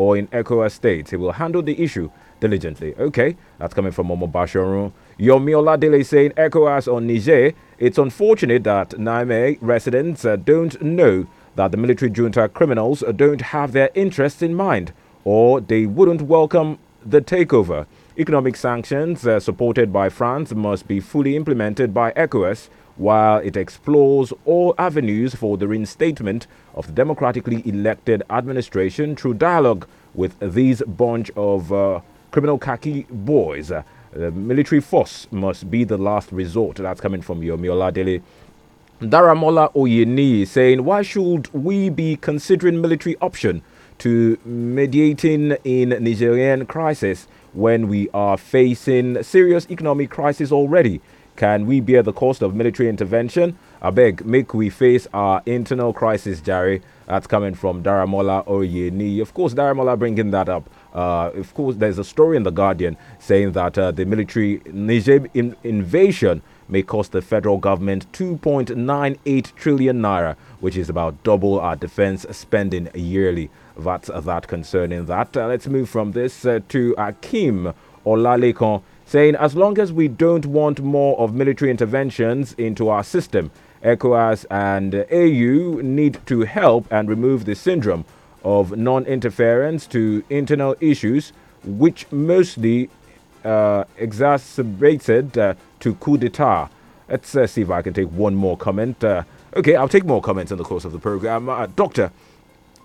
or in ECOWAS states. He will handle the issue diligently. Okay, that's coming from Omo Bashorun. Miola Oladele saying ECOWAS on Niger. It's unfortunate that Naime residents uh, don't know that the military junta criminals uh, don't have their interests in mind or they wouldn't welcome the takeover. Economic sanctions uh, supported by France must be fully implemented by ECOWAS while it explores all avenues for the reinstatement of the democratically elected administration through dialogue with these bunch of uh, criminal khaki boys. Uh, the military force must be the last resort. That's coming from Yomiola Dele. Daramola Oyeni saying, Why should we be considering military option to mediating in Nigerian crisis when we are facing serious economic crisis already? Can we bear the cost of military intervention? I beg, make we face our internal crisis, Jerry. That's coming from Daramola Oyeni. Of course, Daramola bringing that up. Uh, of course, there's a story in The Guardian saying that uh, the military Niger in invasion may cost the federal government 2.98 trillion naira, which is about double our defense spending yearly. That's uh, that concerning that. Uh, let's move from this uh, to Akim Olalekan saying as long as we don't want more of military interventions into our system, ECOWAS and AU need to help and remove the syndrome of non interference to internal issues, which mostly uh, exacerbated uh, to coup d'etat. Let's uh, see if I can take one more comment. Uh, okay, I'll take more comments in the course of the program. Uh, doctor,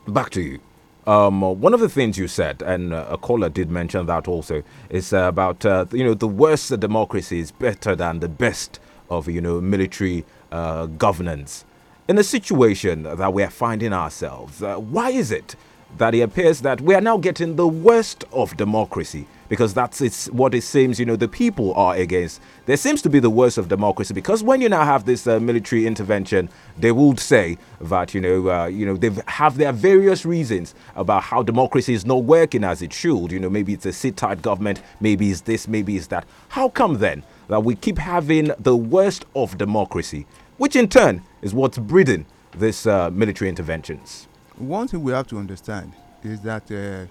back to you. Um, one of the things you said, and uh, a caller did mention that also, is about uh, you know the worst democracy is better than the best of you know military uh, governance. In the situation that we are finding ourselves, why is it that it appears that we are now getting the worst of democracy because that's it's what it seems you know the people are against there seems to be the worst of democracy because when you now have this uh, military intervention they would say that you know uh, you know they have their various reasons about how democracy is not working as it should you know maybe it's a sit tight government maybe it's this maybe it's that how come then that we keep having the worst of democracy which in turn is what's breeding this uh, military interventions one thing we have to understand is that uh,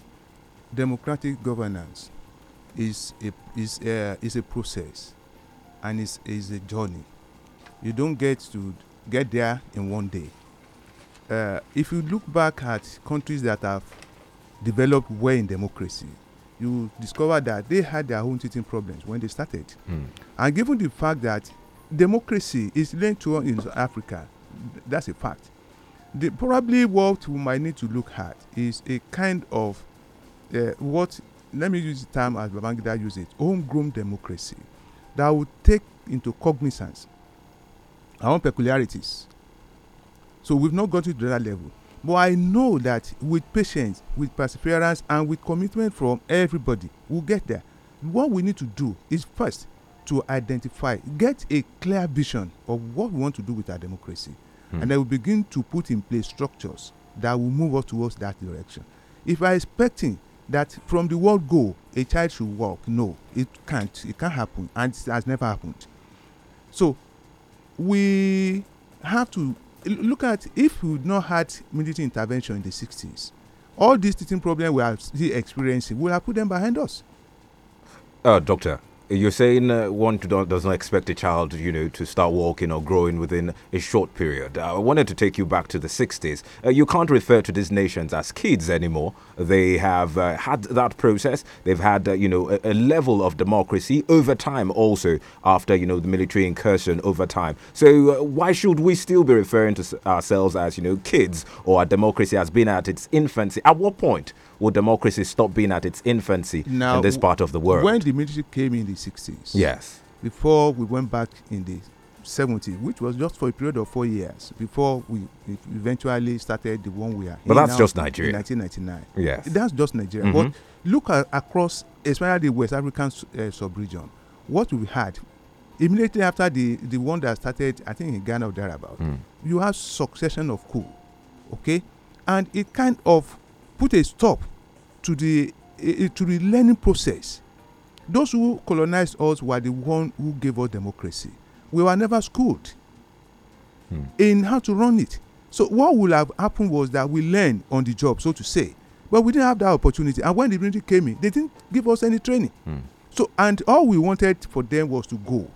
democratic governance is a, is, a, uh, is a process and is, is a journey. You don't get to get there in one day. Uh, if you look back at countries that have developed well in democracy, you discover that they had their own teething problems when they started. Mm. And given the fact that democracy is linked to in Africa, that's a fact the, probably what we might need to look at is a kind of uh, what let me use the term as Babangida uses it homegrown democracy that would take into cognizance our own peculiarities. So we've not got to that level. But I know that with patience, with perseverance, and with commitment from everybody, we'll get there. What we need to do is first to identify, get a clear vision of what we want to do with our democracy and I will begin to put in place structures that will move us towards that direction. If I expecting that from the world go, a child should walk, no, it can't. It can't happen, and it has never happened. So we have to look at if we would not had military intervention in the 60s, all these teaching problems we are still experiencing, we have put them behind us. Uh, doctor, you're saying uh, one does not expect a child, you know, to start walking or growing within a short period. Uh, I wanted to take you back to the 60s. Uh, you can't refer to these nations as kids anymore. They have uh, had that process. They've had, uh, you know, a, a, level of democracy over time also after, you know, the military incursion over time. So uh, why should we still be referring to ourselves as, you know, kids or democracy has been at its infancy? At what point will democracy stop being at its infancy now, in this part of the world? When the military came in the 60s, yes, before we went back in the 70s, which was just for a period of four years before we eventually started the one we are. But that's just Nigeria. 1999. Yes, that's just Nigeria. Mm -hmm. But look at, across, especially the West African uh, sub-region, what we had immediately after the the one that started i think in ghana or thereabout mm. you have succession of coup okay and it kind of put a stop to the eh, eh, to the learning process those who colonized us were the one who gave us democracy we were never schooled hmm. in how to run it so what would have happened was that we learned on the job so to say but we didn't have that opportunity and when the military came in they didn't give us any training hmm. so and all we wanted for them was to go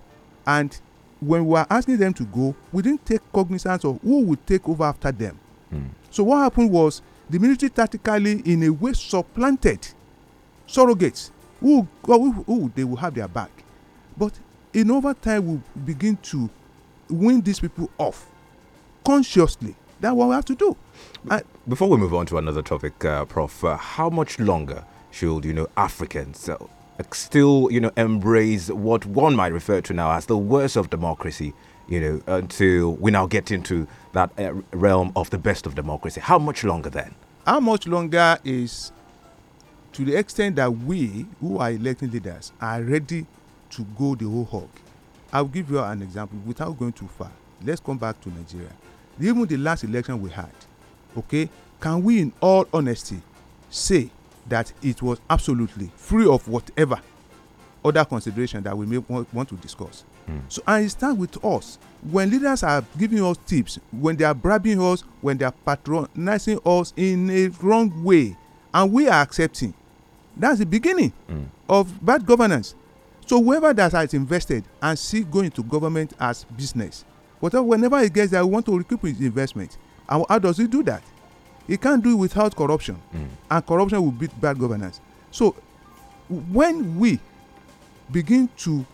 and when we were asking them to go we didn't take cognizance of who would take over after them hmm. so what happened was the military tactically in a way supplanted surrogates who, who, who they will have their back but in over time we begin to win these people off consciously that's what we have to do I, before we move on to another topic uh, prof uh, how much longer should you know africans uh, still you know embrace what one might refer to now as the worst of democracy you know, until we now get into that uh, realm of the best of democracy. How much longer then? How much longer is to the extent that we who are electing leaders are ready to go the whole hog. I'll give you an example without going too far. Let's come back to Nigeria. Even the last election we had, okay, can we in all honesty say that it was absolutely free of whatever other consideration that we may want to discuss? So, and it starts with us. When leaders are giving us tips, when they are bribing us, when they are patronizing us in a wrong way, and we are accepting, that's the beginning mm. of bad governance. So, whoever that has invested and see going to government as business, whatever, whenever he gets there, we want to recoup his investment. And how does he do that? He can't do it without corruption, mm. and corruption will beat bad governance. So, when we begin to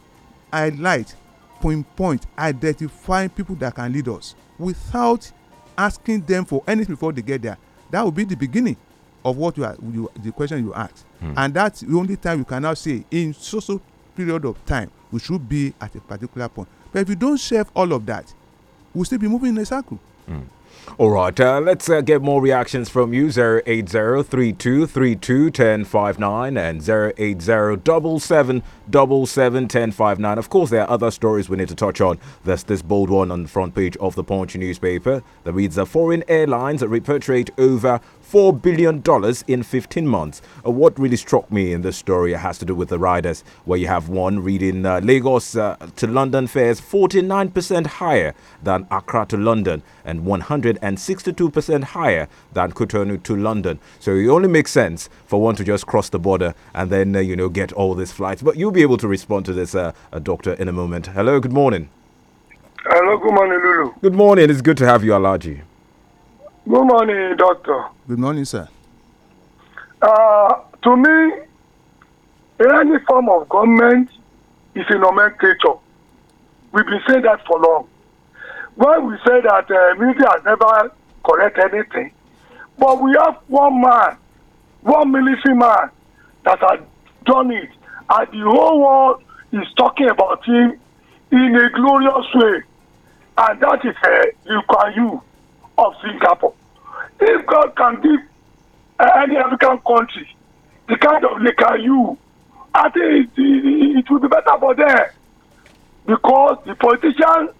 highlight pinpoint Identify people that can lead us without asking them for anything before they get there that will be the beginning of what you are you, the question you ask mm. and that's the only time you can now say in so so period of time we should be at a particular point but if you don't serve all of that we'll still be moving in a circle. Mm. All right, uh, let's uh, get more reactions from you. three two ten five nine and double seven ten five nine. Of course, there are other stories we need to touch on. There's this bold one on the front page of the Punch newspaper that reads: a "Foreign airlines repatriate over $4 billion in 15 months. Uh, what really struck me in this story has to do with the riders, where you have one reading uh, Lagos uh, to London fares 49% higher than Accra to London and 100 162% higher than Cotonou to London. So it only makes sense for one to just cross the border and then, uh, you know, get all these flights. But you'll be able to respond to this, uh, Doctor, in a moment. Hello, good morning. Hello, good morning, Lulu. Good morning. It's good to have you, Alaji. Good morning, Doctor. Good morning, sir. Uh, to me, any form of government is a nomenclature. We've been saying that for long. when we say that uh, media has never collect anything, but we have one man, one military man that has done it, and the whole world is talking about him in a glorious way, and that is uh, Lee of Singapore. If God can give uh, any African country the kind of Lee I think it, it, it will be better for them because the politicians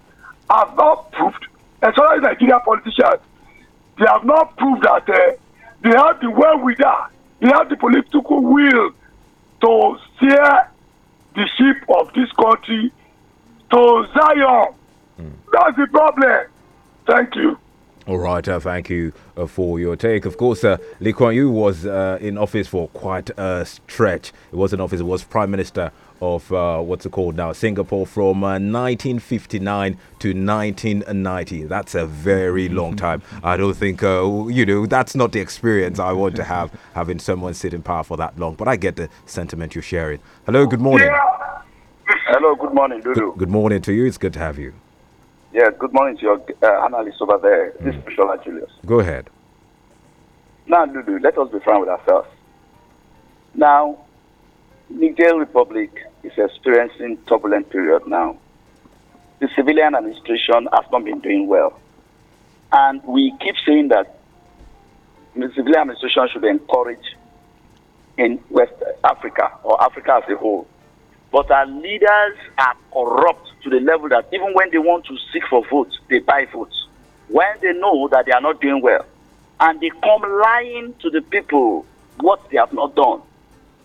have not proved, are Nigerian politicians, they have not proved that uh, they have the well with that, they have the political will to steer the ship of this country to Zion. Mm. That's the problem. Thank you. All right, uh, thank you uh, for your take. Of course, uh, Lee Kuan Yew was uh, in office for quite a stretch. It was in office, it was Prime Minister of uh, what's it called now, Singapore from 1959 uh, to 1990. That's a very mm-hmm. long time. I don't think, uh, you know, that's not the experience I want to have, having someone sit in power for that long. But I get the sentiment you're sharing. Hello, good morning. Yeah. Hello, good morning, Dudu. Good, good, morning to you. It's good to have you. Yeah, good morning to your uh, analyst over there, mm. this Special Julius. Go ahead. Now, Dudu, let us be frank with ourselves. Now, Niger Republic is experiencing turbulent period now. The civilian administration has not been doing well. And we keep saying that the civilian administration should encourage in West Africa or Africa as a whole. But our leaders are corrupt to the level that even when they want to seek for votes, they buy votes. When they know that they are not doing well, and they come lying to the people what they have not done.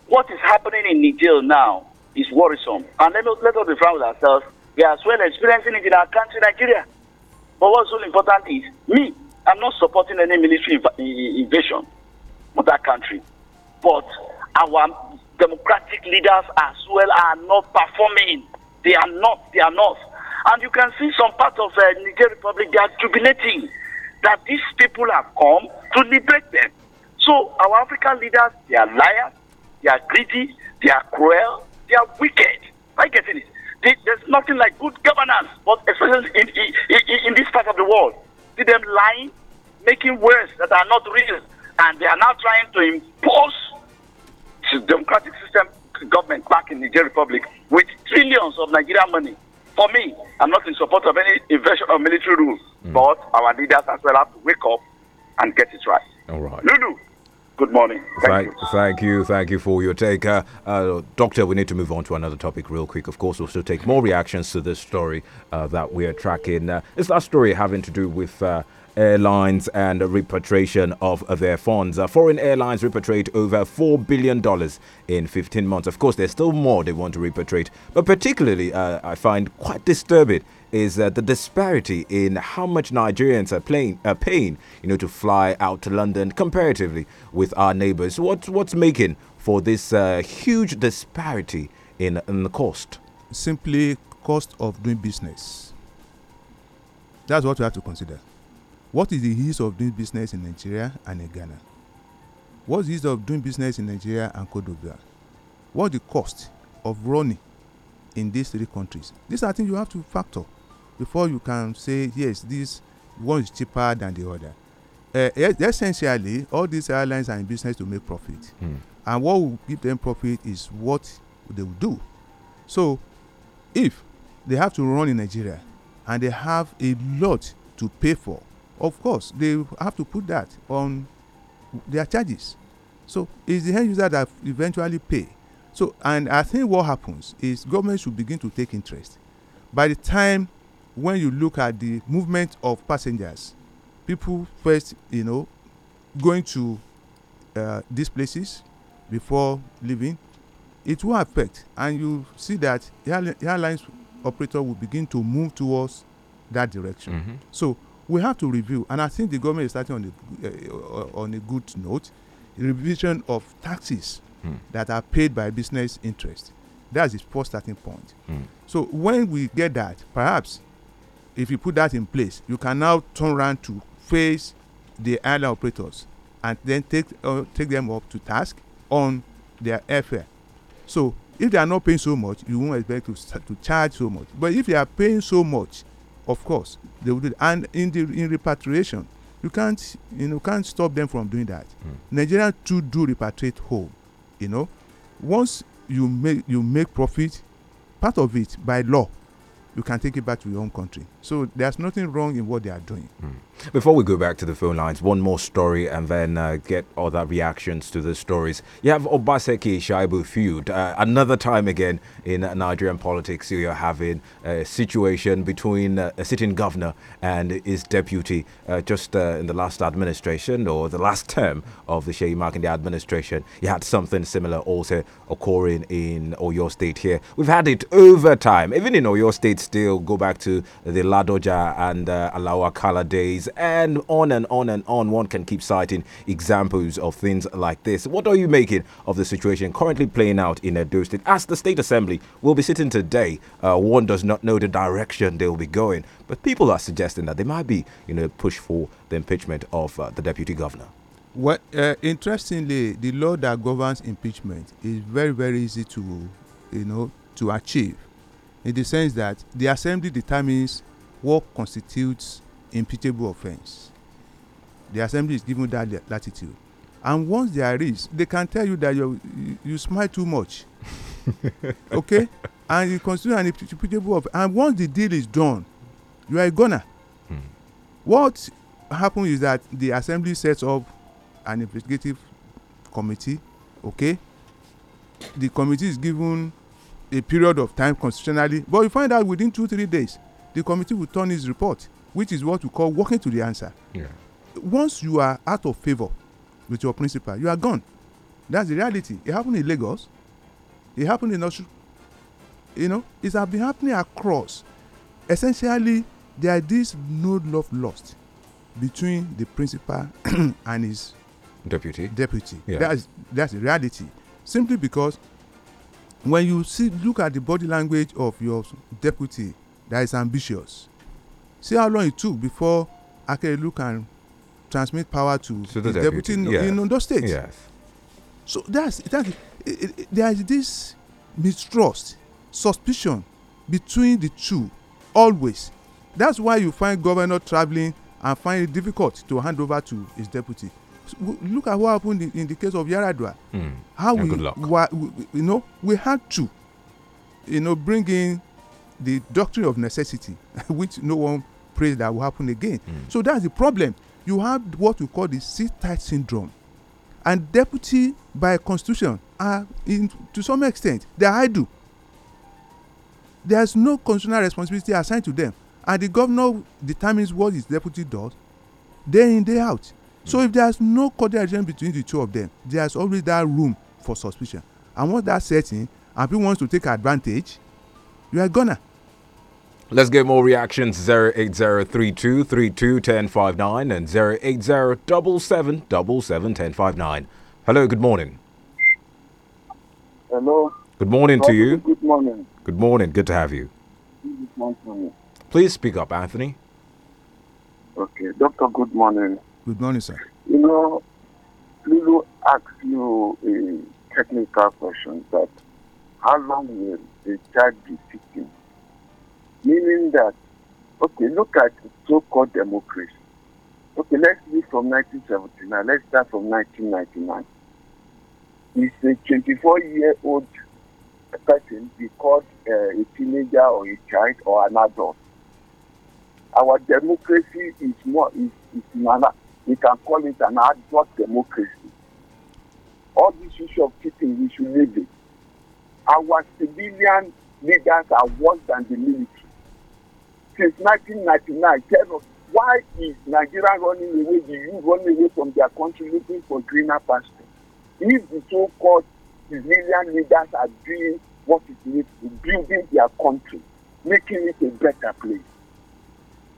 What is happening in Niger now is worrisome. And let, me, let us be frank with ourselves. We are as well experiencing it in our country, Nigeria. But what's really important is me, I'm not supporting any military inv- invasion of that country. But our democratic leaders as well are not performing. They are not. They are not. And you can see some parts of the uh, Niger Republic, they are jubilating that these people have come to liberate them. So our African leaders, they are liars they are greedy, they are cruel, they are wicked. Am I getting it? They, there's nothing like good governance, but especially in, in, in, this part of the world. See them lying, making words that are not real, and they are now trying to impose the democratic system government back in Nigeria Republic with trillions of Nigerian money. For me, I'm not in support of any invasion of military rule, mm. but our leaders as well have to Thank you. Thank you for your take. Uh, uh, doctor, we need to move on to another topic real quick. Of course, we'll still take more reactions to this story uh, that we are tracking. Uh, it's that story having to do with uh, airlines and repatriation of their funds. Uh, foreign airlines repatriate over $4 billion in 15 months. Of course, there's still more they want to repatriate, but particularly, uh, I find quite disturbing is uh, the disparity in how much Nigerians are, playing, paying, you know, to fly out to London comparatively with our neighbours. What, what's making for this uh, huge disparity in, in the cost? Simply cost of doing business. That's what we have to consider. What is the ease of doing business in Nigeria and in Ghana? What's the ease of doing business in Nigeria and Cote d'Ivoire? What's the cost of running in these three countries? These are things you have to factor before you can say yes this one is cheaper than the other uh, essentially all these airlines are in business to make profit mm. and what will give them profit is what they will do so if they have to run in nigeria and they have a lot to pay for of course they have to put that on their charges so it's the end user that eventually pay so and i think what happens is government should begin to take interest by the time when you look at the movement of passengers people first you know going to uh, these places before leaving it will affect and you see that airlines operator will begin to move towards that direction mm -hmm. so we have to review and i think the government is starting on a uh, on a good note revision of taxes mm. that are paid by business interest that's the first starting point mm. so when we get that perhaps if you put that in place you can now turn around to face the airline operators and then take uh, take them up to task on their airfare so if they are not paying so much you won't expect to to charge so much but if they are paying so much of course they will do it. and in the in repatriation you can't you know can't stop them from doing that mm. nigerians too do repatriate home you know once you make you make profit part of it by law you can take it back to your own country So there's nothing wrong in what they are doing. Mm. Before we go back to the phone lines, one more story and then uh, get other reactions to the stories. You have Obaseki Shaibu feud. Uh, another time again in Nigerian politics, you're having a situation between uh, a sitting governor and his deputy uh, just uh, in the last administration or the last term of the Shehi Makinde administration. You had something similar also occurring in Oyo State here. We've had it over time. Even in Oyo State, still go back to the Ladoja and uh, Alawakala days, and on and on and on. One can keep citing examples of things like this. What are you making of the situation currently playing out in Edo State? As the State Assembly will be sitting today, uh, one does not know the direction they will be going, but people are suggesting that they might be, you know, push for the impeachment of uh, the Deputy Governor. Well, uh, interestingly, the law that governs impeachment is very, very easy to, you know, to achieve, in the sense that the assembly determines what constitutes imputable offence? the assembly is given that latitude and once they are rich they can tell you that you you smile too much okay and you consider an imputable offence. and once the deal is done you are a goner hmm. what happens is that the assembly sets up an investigative committee okay the committee is given a period of time constitutionally but you find out within two three days the committee will turn his report which is what we call walking to the answer yeah. once you are out of favour with your principal you are gone that's the reality it happened in lagos it happened in osun you know it has been happening across essentially there is no love lost between the principal and his deputy deputy yeah. that's that's the reality simply because when you see look at the body language of your deputy that is ambitious. See how long it took before Akeredolu can transmit power to, so the, deputy, deputy yes. in Ondo State. Yes. So that's that, it, it, there is this mistrust, suspicion between the two always. That's why you find governor traveling and find it difficult to hand over to his deputy. So look at what happened in, in the case of Yaradua. Mm. How we, we, you know, we had to, you know, bring in the doctrine of necessity which no one prays that will happen again mm. so that's the problem you have what we call the sit-tight syndrome and deputy by constitution are in, to some extent they are idle there is no constitutional responsibility assigned to them and the governor determines what his deputy does day in day out mm. so hmm. if there is no coordination between the two of them there is always that room for suspicion and once that sets in and people want to take advantage you are gonna Let's get more reactions 08032 1059 and 08077771059. Hello, good morning. Hello. Good morning to you. Good morning. Good morning. Good to have you. Good morning. Please speak up, Anthony. Okay, Doctor, good morning. Good morning, sir. You know, please ask you a technical question that how long will the child be sitting? meaning that, okay, look at so-called democracy. Okay, let's move from 1979. Let's start from 1999. It's a 24-year-old person be called uh, a teenager or a child or an adult. Our democracy is more is is another. We can call it an adult democracy. All this issue of cheating, we should leave it. Our civilian leaders are worse than the military since 1999 tell us why is nigeria running away the youth running away from their country looking for greener pastures? if the so-called civilian leaders are doing what it needs to building their country making it a better place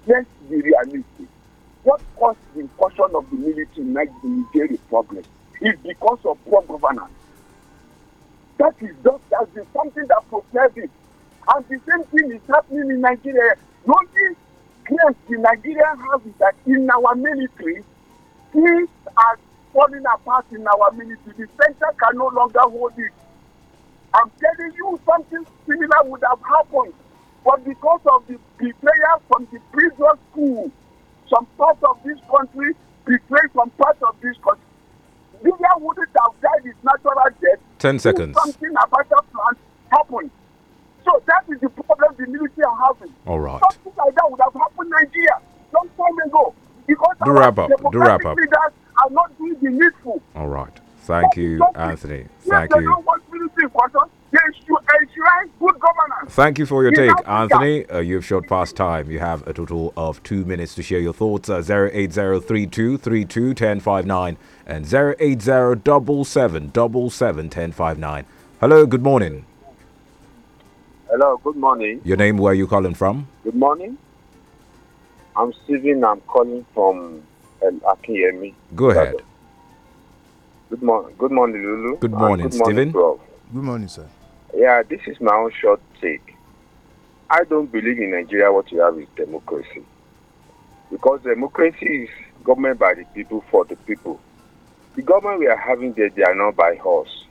let's be realistic what caused the incursion of the military in nigeria problem is because of poor governance that is just as something that propels it and the same thing is happening in nigeria Notice, yes, the Nigerian house is that in our military, things are falling apart in our military. The center can no longer hold it. I'm telling you, something similar would have happened. But because of the betrayal from the previous school, some part of this country betrayed some part of this country. Libya wouldn't have died its natural death. Ten seconds. Something about that plant happened. So that is the problem the military are having. All right. Something like that would have happened in Nigeria long time ago. Because the wrap up. wrap up. Leaders are not doing the needful. All right. Thank you, Anthony. Thank you. Thank you for your take, Anthony. Uh, you've shot past time. You have a total of two minutes to share your thoughts. Uh, 08032321059 and 08077771059. Hello, good morning. Hello, good morning. Your name, where are you calling from? Good morning. I'm Steven. I'm calling from um, Go ahead. Good, morning. good morning, Lulu. Good morning, Stephen. good Steven. Morning, good morning, sir. Yeah, this is my own short take. I don't believe in Nigeria what you have is democracy. Because democracy is government by the people for the people. The government we are having there, they are not by us.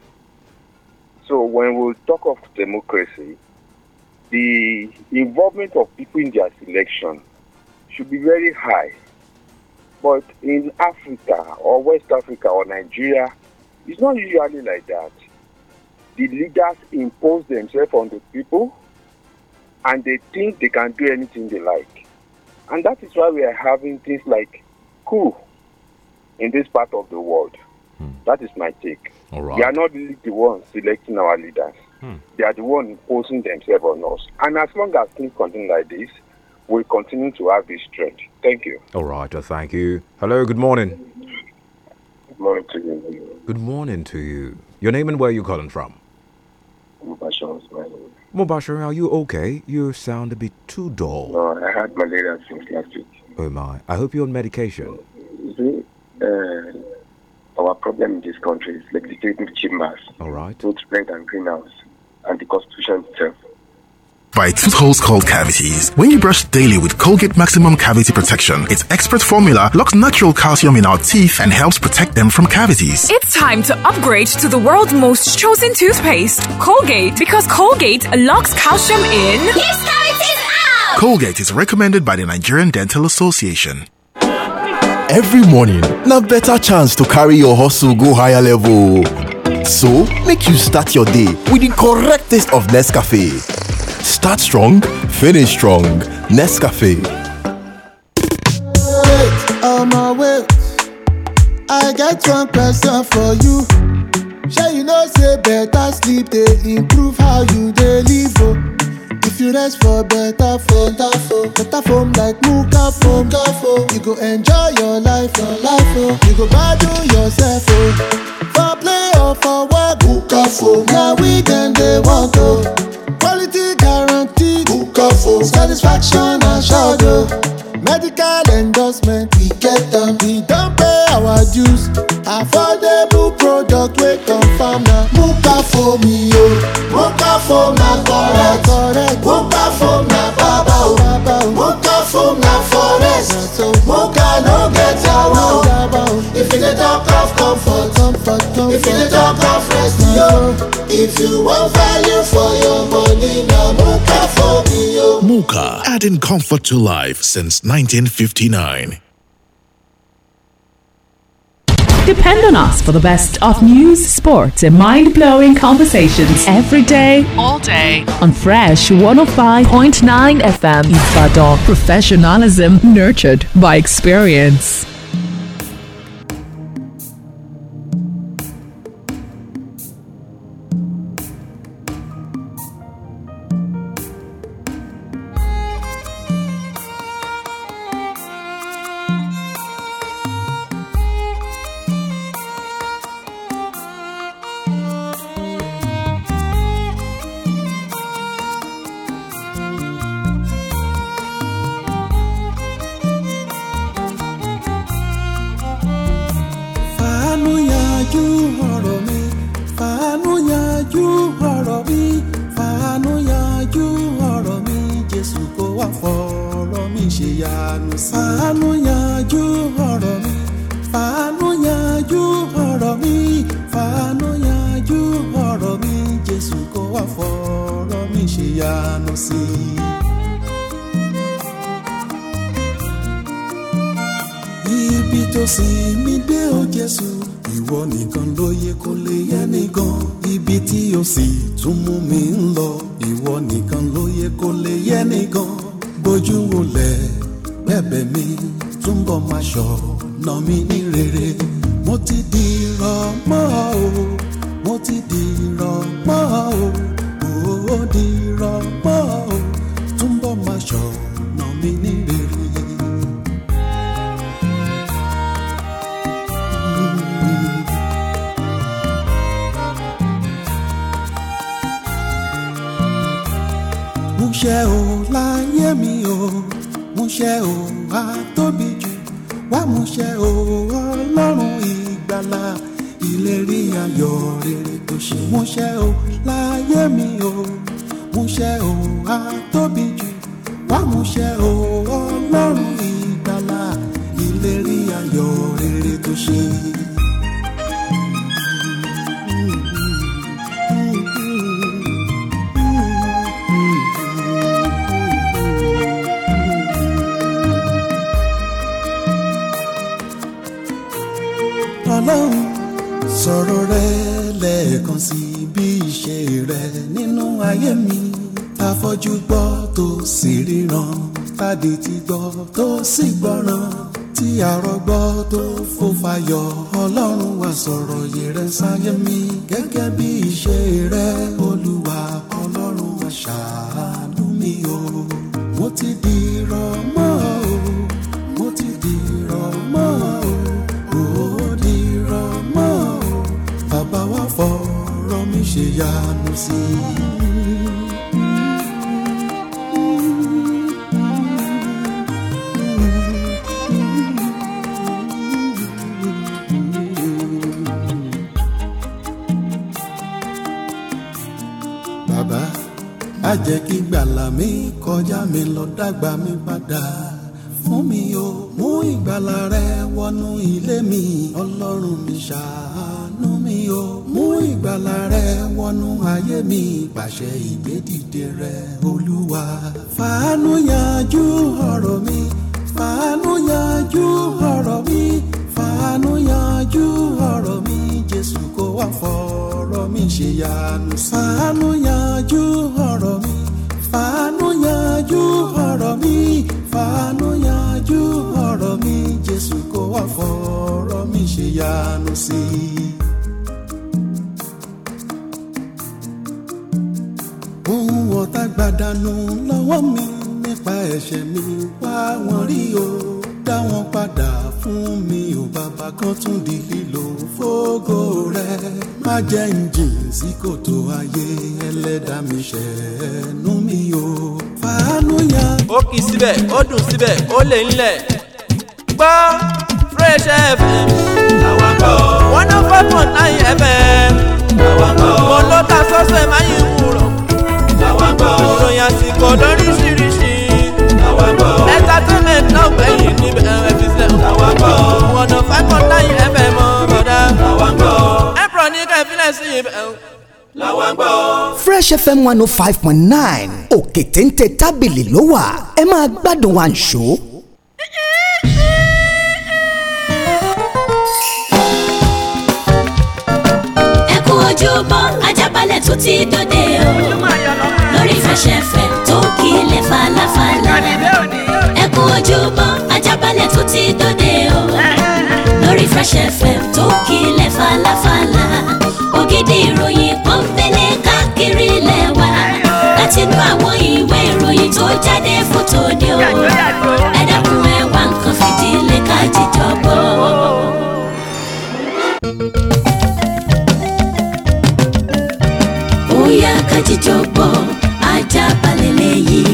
So when we talk of democracy, the involvement of people in their selection should be very high. But in Africa or West Africa or Nigeria, it's not usually like that. The leaders impose themselves on the people and they think they can do anything they like. And that is why we are having things like coup in this part of the world. Hmm. That is my take. We are not really the ones selecting our leaders. Hmm. They are the one imposing themselves on us. And as long as things continue like this, we continue to have this trend. Thank you. All right, well, thank you. Hello, good morning. Good morning to you. Good morning to you. Your name and where you calling from? Mubashir are you okay? You sound a bit too dull. No, I had malaria since last week. Oh my! I hope you're on medication. You see, uh, our problem in this country is legislative chambers, all right, both red and greenhouse and the constitution itself. By tooth holes called cavities. When you brush daily with Colgate Maximum Cavity Protection, its expert formula locks natural calcium in our teeth and helps protect them from cavities. It's time to upgrade to the world's most chosen toothpaste, Colgate, because Colgate locks calcium in. Keeps cavities out! Colgate is recommended by the Nigerian Dental Association. Every morning, now better chance to carry your hustle go higher level. So, make you start your day with the correct taste of Nescafe. Start strong, finish strong. Nescafe. Wait, I one question for you. Shall you know say better sleep they improve how you they live? Oh. If you rest for better better better like Muka you go enjoy your life, your life. Oh. You go battle yourself. Oh. up for work. Bukafo. Now we then dey want to. Quality guaranteed. Bukafo. Satisfaction assured. Medical endorsement. We get them. We don't pay our dues. Affordable product we confirm now. Bukafo mi o. Bukafo na correct. Bukafo na baba o. Baba o. perfume na forest mocha no get hour if you dey talk of comfort if you dey talk of rest yo if you want value for your money na mocha for me yo. mocha adding comfort to life since 1959. Depend on us for the best of news, sports, and mind blowing conversations every day, all day on Fresh 105.9 FM. Ibadan. Professionalism nurtured by experience. fàánú yanjú ọ̀rọ̀ mi fàánú yaju ọ̀rọ̀ mi fàánú yanjú ọ̀rọ̀ mi Jésù kó wá fọ̀rọ̀ mi ṣe yanu sí. fàánú yanjú ọ̀rọ̀ mi fàánú yanjú ọ̀rọ̀ mi fàánú yanjú ọ̀rọ̀ mi Jésù kó wá fọ̀rọ̀ mi ṣe yanu sí. ibi tó sì mí dé o Jesu ìwọ nìkan ló yẹ kó lè yẹ nìkan ibi tí o sì tún mú mi ń lọ ìwọ nìkan ló yẹ kó lè yẹ nìkan bójú wọlẹ̀ bẹ̀bẹ̀ mi túnbọ̀ máa ṣọ̀nà mi ní rere mo ti di rọ̀mọ́ o mo ti di rọ̀mọ́ o ó di rọ̀mọ́ o. múṣẹ o láyé mi o múṣẹ o á tóbi jù wá múṣẹ o ọlọ́run ìgbàlà ìlérí ayọ̀ rere tó ṣe múṣẹ o láyé mi o múṣẹ o á tóbi jù wá múṣẹ o ọlọ́run ìgbàlà ìlérí ayọ̀ rere tó ṣe. ọlọ́run sọ̀rọ̀ rẹ lẹ́ẹ̀kan sí bí ìṣe rẹ nínú ayé mi afọ́jú gbọ́ tó sì ríran tàdé ti gbọ́ tó sì gbọ́ràn tí àárọ̀ gbọ́ tó fò ọlọ́run wá sọ̀rọ̀ yẹrẹ sáyé mi gẹ́gẹ́ bí ìṣe rẹ olúwa ọlọ́run. ṣe yanu sí i. á jẹ́ kí gbàlà mi kọjá mi lọ dàgbà mi padà fún mi o mú ìgbàlà rẹ wọnú ilé mi ọlọ́run mi ṣáá o mú ìgbàlà rẹ wọnú ayé mi pàṣẹ ìgbédìde rẹ olúwa. fàánú yanjú ọ̀rọ̀ mi fàánú yanjú ọ̀rọ̀ mi fàánú yanjú ọ̀rọ̀ mi jésù kó wá fọ̀rọ̀ mi ṣe yanu. fàánú yanjú ọ̀rọ̀ mi fàánú yanjú ọ̀rọ̀ mi fàánú yanjú ọ̀rọ̀ mi jésù kó wá fọ̀rọ̀ mi ṣe yanu sí i. gbàdánù lọ́wọ́ mi nípa ẹ̀ṣẹ̀ mi wá wọn rí o dá wọn padà fún mi ò bàbá kan tún di lílo fógo rẹ má jẹ́ ń sí kòtò ayé ẹlẹ́dà mi ṣẹ̀ẹ́nú mi o fàánú ya. ó kì í síbẹ̀ ó dùn síbẹ̀ ó lè ńlẹ̀ gbọ́ Fresh FM àwọn kọ́ one oh five point nine FM àwọn mo ló ta sọ́sẹ̀ máa ń wúrọ̀ bọ̀. ìròyìn àsìkò lóríṣiríṣi. àwa bọ̀. entertainment náà gbẹ̀yìn níbẹ̀ ẹ̀ fi sẹ́. àwa bọ̀. one of five point fm bọ̀dá. àwa bọ̀. ẹ̀pọ̀ ní ká ìfilẹ̀ sí ibẹ̀. fresh fm one oh five point nine òkè téńté tábìlì ló wà ẹ máa gbádùn wa ń ojúbọ ajábalẹ̀ tó ti dòde o lórí fẹsẹ̀fẹ̀ tó kílẹ̀ falafala ẹ kú ojúmọ́ ajábalẹ̀ tó ti dòde o lórí fẹsẹ̀fẹ̀ tó kílẹ̀ falafala ògidì ìròyìn kan fẹ́lẹ́ káàkiri lẹ́wà láti inú àwọn ìwé ìròyìn tó jáde fótó ni o ẹ dákun ẹ wá nǹkan fìdílé Ajaabale lẹ́yìn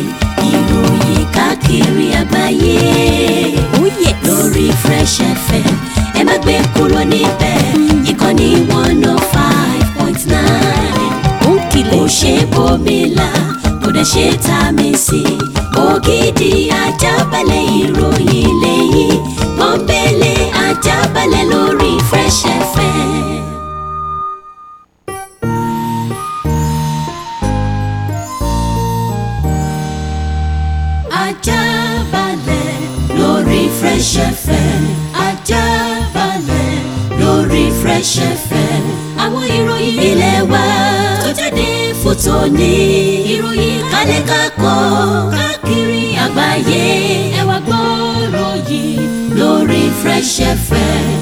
ìròyìn káàkiri àgbáyé. Ó oh, yẹ Fresh FM ẹ má gbé kúrò níbẹ̀ ìkànnì one oh five point nine. Ó kìlẹ̀ kò ṣe bòmílà kò dẹ̀ ṣe tà mí sí ògidì Ajaabale ìròyìn. Fresh FM.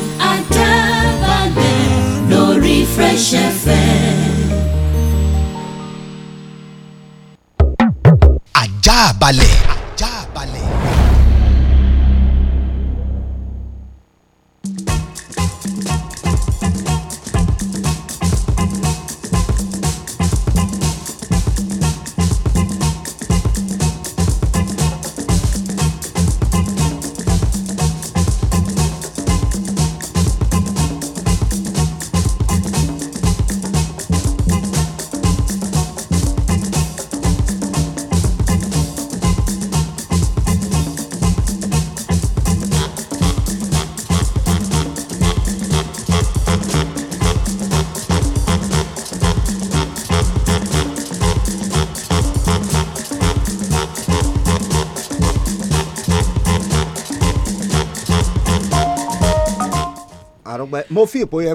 èpò yẹ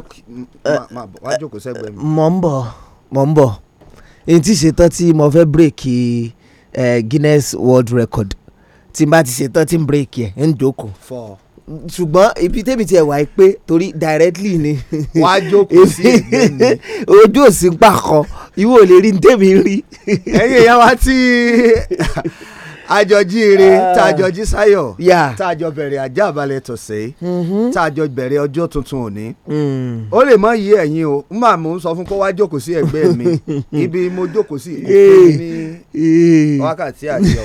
máa bọ̀ wá jókòó sẹ́gbẹ̀ẹ́ mi. mọ̀ ń bọ̀ mọ̀ ń bọ̀ èyí tí ṣetán tí mo fẹ́ bírèkì Guinness World Record tí n bá ti ṣetán tí n bírèkì ẹ̀ ń jókòó. fọ́ọ̀ ṣùgbọ́n ibi tẹ́mi tiẹ̀ wáyé pé torí directly ni. wàá jókòó sí ẹgbẹ́ mi. ojú òsínpà kan ìwọ ò lè rí tẹ́mi rí. ẹ̀yin ìyá wa tí àjọjí ire ah. tàjọjí sáyọ̀ tàjọ bẹrẹ ajá balẹ̀ tọ̀sẹ̀ mm-hmm. tàjọ bẹrẹ ọjọ tuntun òní. Mm. ó lè mọ iye ẹ̀yin o màá mò ń sọ fún kó wá jókòó sí ẹ̀gbẹ́ mi ibi mo jókòó sí eh. ní eh. wákàtí àjọ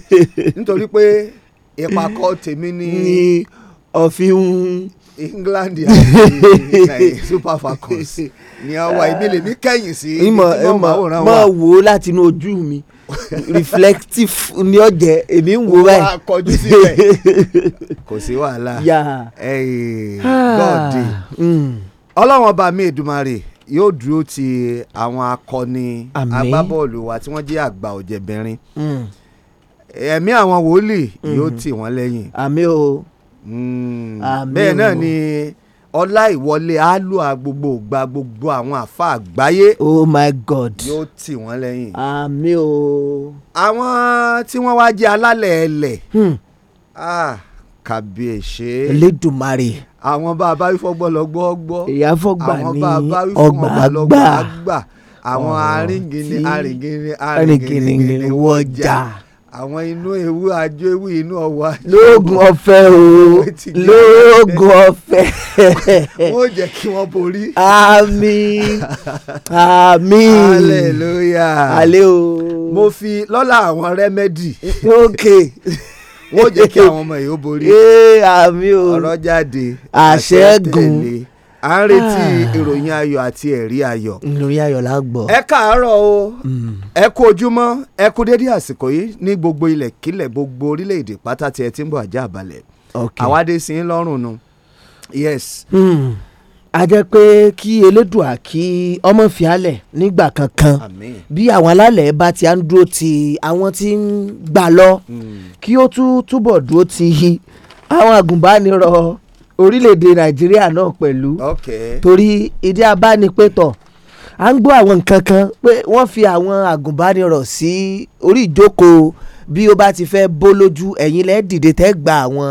nítorí pé ìpàkọ́ tèmi ní ọ̀fin england àti super falcons ni àwa ibi mi kẹ́yìn sí ìmọ̀ àwòrán wa. máa wò ó látinú ojú mi. reflective ni ọ jẹ èmi ń wo báyìí. wọ́n á kọjú síbẹ̀ kò sí wàhálà ah. gọ́ọ̀dì mm. ọlọ́run ọba mi èdùmarè yóò dúró ti àwọn akọni agbábọ́ọ̀lù wa tí wọ́n jẹ́ àgbà ọ̀jẹ̀bẹ̀rin mm. ẹ̀mí àwọn wòlíì yóò mm. tì wọ́n lẹ́yìn. àmín o. bẹ́ẹ̀ náà ni. Mm ọlá ìwọlé alua gbogbo gba gbogbo àwọn àfa àgbáyé. oh my god. yóò tì wọ́n lẹ́yìn. àmín o. àwọn tí wọ́n wá jẹ́ alálẹ̀ ẹlẹ̀. ah hmm. kàbíyèsé. elédùmarè. àwọn bá a bá wí fọgbọ́ lọ gbọ́ gbọ́. ìyá fọgbà ní ọgbà àgbà. àwọn arìngìnì arìngìnì arìngìnì wọ́jà àwọn inú ewu àjọ ewu inú ọwọ́ àjọ. lóògùn ọ̀fẹ́ o lóògùn ọ̀fẹ́. wọn ò jẹ́ kí wọ́n borí. àmín àmín hallelujah. alẹ́ o. mo fi lọ́lá àwọn rẹ́mẹ́dì. ok wọ́n jẹ́ kí àwọn ọmọ yìí ó borí. ee àmín o ọ̀rọ̀ jáde àṣẹ gùn à ń retí ah. ìròyìn ayọ̀ àti ẹ̀rí ayọ̀. ìròyìn ayọ̀ la gbọ́. ẹ káàárọ̀ o hmm. ẹ kú ojúmọ́ ẹ kú dédé àsìkò yìí ní gbogbo ilẹ̀ kílẹ̀ gbogbo orílẹ̀-èdè pátá tí ẹ ti ń bọ̀ ajá àbálẹ̀. àwa dé sí yín lọ́rùn nu. yes. Hmm. a jẹ́ pé kí elédùà kí ọmọ fìálẹ̀ nígbà kankan bí àwọn alálẹ̀ bá ti ń dúró ti àwọn tí ń gbà lọ hmm. kí ó túbọ̀ dúró ti àwọn àgùnbánirọ̀ orílẹ̀-èdè nàìjíríà náà pẹ̀lú torí ìdí abánipẹ́tọ̀ à ń gbọ́ àwọn nǹkan kan pé wọ́n fi àwọn àgùnbánirọ̀ sí orí ìjókòó bí ó bá ti fẹ́ bó lójú ẹ̀yin lẹ́ dìde tẹ́ gba àwọn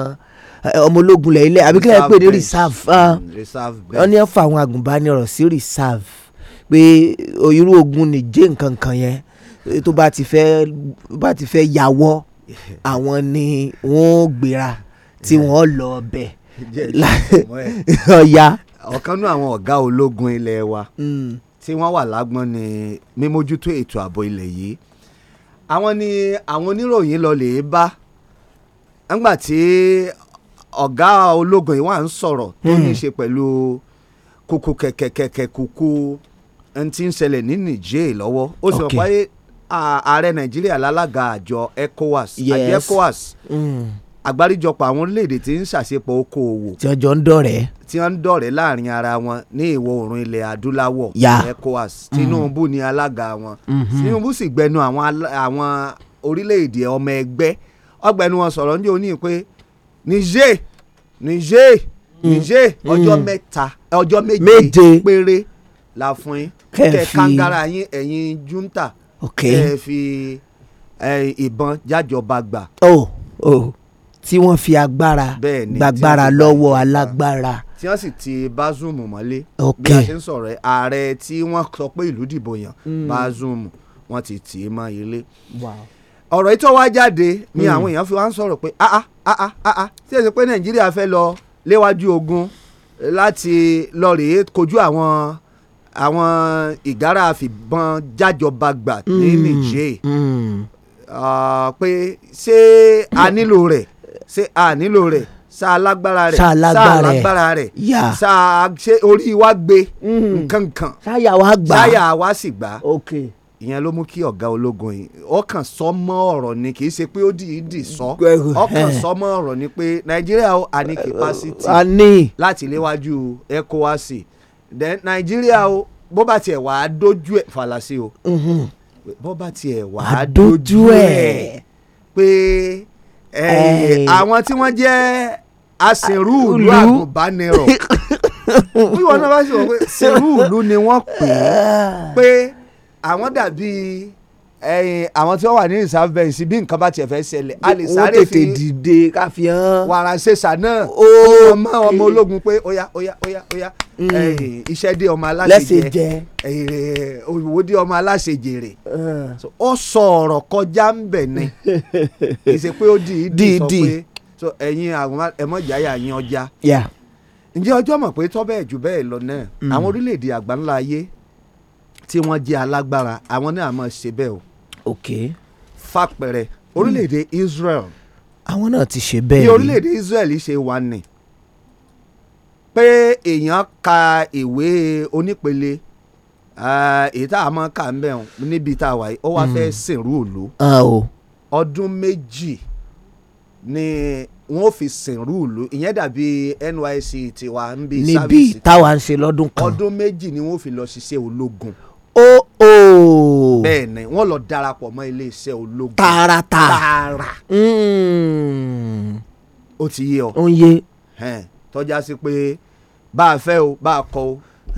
ọmọ ológun lẹ̀ ilẹ̀ àbí kílẹ̀ pé ní reserve mm, wọ́n ní ọ̀fọ̀ àwọn àgùnbánirọ̀ sí reserve pé irú ogun nìjẹ́ nǹkan kan yẹn tó bá ti fẹ́ bá ti fẹ́ yàwọ́ àwọn ni wọ́n gbéra tí wọ́n lọ bẹ̀ ọ̀ya. ọ̀kan nú àwọn ọ̀gá ológun ilé wa hmm. tí wọ́n wà lágbọ́n ni mímójútó ètò ààbò ilẹ̀ yìí àwọn ni àwọn oníròyìn lọ lè bá nígbà tí ọ̀gá ológun yìí wà ń sọ̀rọ̀ tó hmm. ní í ṣe pẹ̀lú kùkù kẹ̀kẹ̀kẹ̀kẹ̀ kùkù ẹni tí ń ṣẹlẹ̀ ní Niger lọ́wọ́ ó sì mọ̀ pé ààrẹ Nàìjíríà lálága àjọ ECOWAS àjọ ECOWAS hmm àgbáríjọpọ̀ àwọn orílẹ̀-èdè tí ń ṣàṣepọ̀ okòòwò. tí wọ́n jọ ń dọ̀rẹ́. tí wọ́n ń dọ̀rẹ́ láàrin ara wọn ní ìwọ̀ oòrùn ilẹ̀ adúláwọ̀. ya ECOWAS mm-hmm. Tinubu ni alága wọn. Mm-hmm. Tinubu sì gbẹnu àwọn orílẹ̀-èdè ọmọ ẹgbẹ́ ọgbẹnu wọn sọ̀rọ̀ níjẹ́ oní pé Niger Niger mm. Niger ọjọ́ mm. mẹ́ta ọjọ́ méje péré la fún yín kẹ kangara yín ẹ̀yin junta kẹ fi ìbọn jájọba gbà. oh oh tí wọ́n fi agbára gbàgbára lọ́wọ́ alágbára. tí wọ́n sì ti Bazoum mọ́lé bí a ṣe ń sọ̀rọ̀ ẹ̀ ààrẹ tí wọ́n sọ pé ìlú dìbò yàn hmm. Bazoum wọ́n ti tì í mọ́ ilé. ọ̀rọ̀ yìí wá jáde ni hmm. àwọn èèyàn fi wá ń sọ̀rọ̀ pé ah ah ah ah ah, ah. ṣé èsì pé Nàìjíríà fẹ́ lọ léwájú ogun láti lọ rèé kojú àwọn àwọn ìgárá àfìbọn jájọba gbà ní hmm. Niger ah, pé ṣé a nílò rẹ̀ ṣé a nílò rẹ̀ sa alágbára rẹ̀ sa alágbára rẹ̀ sa ṣe orí wa gbé mm-hmm. nkankan sáyà wa gbà sáyà wa sì gbà ìyẹn ló mú kí ọ̀gá ológun yìí ọkàn sọmọ ọ̀rọ̀ ni kì í ṣe pé ó dì í dì sọ ọkàn sọmọ ọ̀rọ̀ ni pé nàìjíríà a ní capacity láti léwájú ECOWAS then nàìjíríà o bó bá tiẹ̀ wàá dójú ẹ̀ falasi o mm-hmm. bó bá tiẹ̀ wàá dójú ẹ̀ pé Eh, eh. àwọn tí wọ́n jẹ́ aṣèrú ah, ìlú àgùnbánirọ̀ bí wọn náà bá ṣe wọ pé ṣèrú ìlú ni wọ́n pè é ah. pé àwọn dàbí ẹyin àwọn tí wọ́n wà ní reserve bench bí nǹkan bá tiẹ̀ fẹ́ ṣẹlẹ̀ a lè sáré fi ó tètè dìde ká fi hàn. wàrà ṣèṣà náà ó mọ ọmọ ológun pé óyá óyá óyá óyá mm. iṣẹ́ dé ọmọ aláṣẹ jẹ òwò dé ọmọ aláṣẹ jèrè mm. ó sọ ọ̀rọ̀ kọjá ń bẹ̀ ni kì pé ó di ìdí sọ pé so ẹ̀yin àwọn yín ọjà ǹjẹ́ ọjọ́ mọ̀ pé tọ́bẹ̀ jù bẹ́ẹ̀ lọ náà mm. àwọn orílẹ̀-èdè àgbáńlá ayé tí wọ́n jẹ́ alágbára àwọn náà máa ṣe bẹ́ẹ̀ o ok. fàpẹrẹ orílẹ̀-èdè Israel. àwọn náà ti ṣe bẹ́ẹ̀ ni. bí orílẹ̀-èdè Israel ṣe wà ní pé èèyàn ka ìwé onípele èyí tá a mọ̀ ká ń bẹ̀ wọn níbi tá a wà yìí ó wá fẹ́ hmm. sìnrú òlu. ọdún méjì ni wọn ò fi sìnrú òlu ìyẹn dàbí NYSC tiwa ń bí sábìsì. níbi táwa ń ṣe lọ́dún kan. ọdún méjì ni wọn ò fi lọ ṣiṣẹ́ ológun bẹ́ẹ̀ ni wọ́n lọ darapọ̀ mọ́ iléeṣẹ́ ológun tààràtà tààrà hmm. ó ti yé ọ ó ń yé tọ́já sí pé bá a fẹ́ o bá a kọ o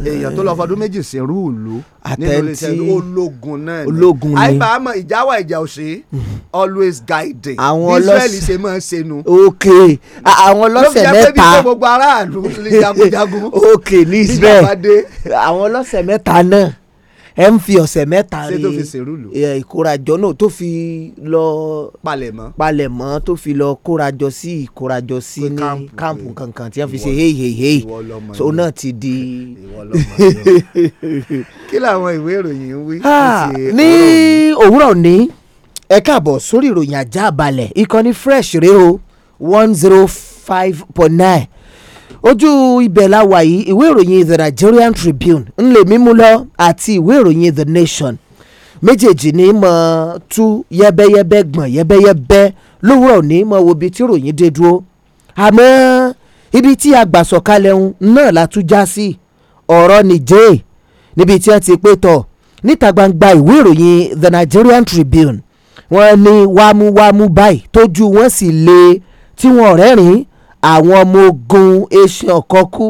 èèyàn tó lọ eh. fọdún méjì sí rúùlù nínú iléeṣẹ́ ológun náà ni ológun ni àyíká ìjáwá ìjà òsè always guiding àwọn ọlọ́sẹ̀ israeli ṣe máa ń ṣẹnu. ok àwọn ọlọ́sẹ̀ mẹ́ta ló fi jẹ́ pé bí gbogbo aráàlú jagunjagun ok ní israel àwọn ọlọ́sẹ̀ mẹ́ta náà ẹ ń fi ọ̀sẹ̀ mẹ́ta rí ìkórajọ náà tó fi lọ palẹ̀mọ́ palẹ̀mọ́ tó fi lọ kórajọ sí ìkórajọ sí ní káàmpù kankan tí wọ́n fi ṣe hey hey hey so náà ti di. kí làwọn ìwé ìròyìn ń wí. ní òwúrọ̀ ní ẹ káàbọ̀ sórí ìròyìn ajá balẹ̀ ìkànnì fresh rèé o one zero five point nine ojú ibẹ̀ la wà yìí ìwé ìròyìn the Nigerian Tribune ńlẹ̀ mímú lọ àti ìwé ìròyìn the Nation méjèèjì ní mọ tú yẹ́bẹ́yẹ́bẹ́ gbọ̀n yẹ́bẹ́yẹ́bẹ́ lówùrọ̀ ní mọ wo ibi tí ròyìn dé dúró àmọ́ ibi tí agbàsọ̀kalẹ̀ ń náà la tún já sí ọ̀rọ̀ nìjẹ́ níbi tí wọ́n ti pé tọ̀ níta gbangba ìwé ìròyìn the Nigerian Tribune wọ́n ní wámúwámú báyìí tójú wọn sì le tí wọn ọ̀rẹ́ rìn àwọn ọmọ ogun eṣin ọ̀kan kú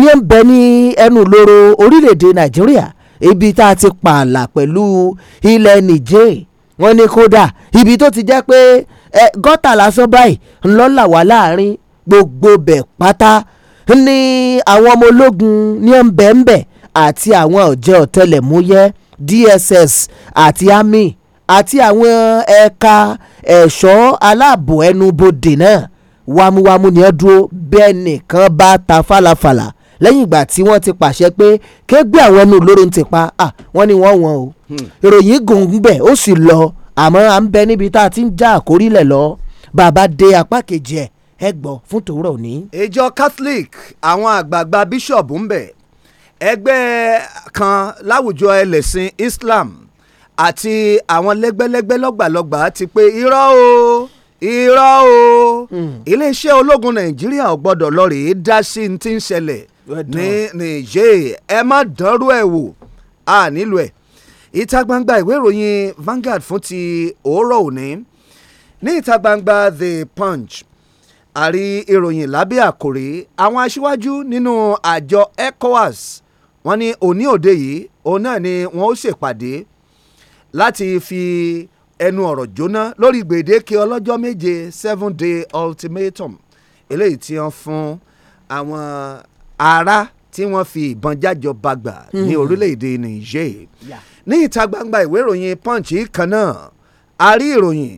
ní ń bẹ ní ẹnu lóró orílẹ̀-èdè nàìjíríà ibi tá a ti pààlà pẹ̀lú ilẹ̀ Niger wọ́n ní kódà ibi tó ti jẹ́ pé gọ́tà lásán báyìí ńlọ́là wà láàrin gbogbo bẹ̀ pátá ní àwọn ọmọ ológun ní ọ̀nbẹ̀ǹbẹ̀ àti àwọn ọ̀jẹ̀ ọ̀tẹlẹ̀múyẹ́ DSS àti army àti àwọn ẹ̀ka ẹ̀ṣọ́ aláàbò ẹnubodè náà wámúwámú ni ẹ dúró bẹ́ẹ̀ nìkan bá ta fàlàfàlà lẹ́yìn ìgbà tí wọ́n ti pàṣẹ pé kégbé àwọn ẹnu olóró ń ti pa ah wọ́n ní wọ́n wọ́n o hmm. ìròyìn gùn bẹ̀ ó sì lọ àmọ́ à ń bẹ níbi tá a ti ń já àkórí lẹ̀ lọ bàbá dé apá kejì ẹ̀ ẹ gbọ́ fún tòwúrọ̀ òní. ìjọ Catholic àwọn àgbààgbà bíṣọ̀bù ń bẹ̀ ẹgbẹ́ kan láwùjọ ẹlẹ́sìn Islam àti àwọn lẹ́gbẹ́lẹ́gbẹ́ lọ́gbàlọ́gbà ti pé irọ́ o irọ́ o hmm. iléeṣẹ́ ológun nàìjíríà ò gbọ́dọ̀ lọ rèé dá sí ní ti ń ṣẹlẹ̀ ní nìjẹ́ ẹ má dánrú ẹ̀ wò a nílò ẹ̀ ìta gbangba ìwé ìròyìn Vanguard fún ti òórọ̀ òní ní ìta gbangba The Punch àrí ìròyìn lábẹ́ àkòrí àwọn aṣíwájú nínú àjọ ECOWAS wọ́n ní òní òde yìí òun náà ni wọ́n ó ṣèpàdé láti fi ẹnu ọ̀rọ̀ jóná lórí gbèdéke ọlọ́jọ́ méje seven day ultimatum eléyìí tí wọ́n fún àwọn ará tí wọ́n fi ìbọn jájọba gbà ní hmm. orílẹ̀-èdè Niger ní ìta gbangba ìwé ìròyìn Punch kan náà a rí ìròyìn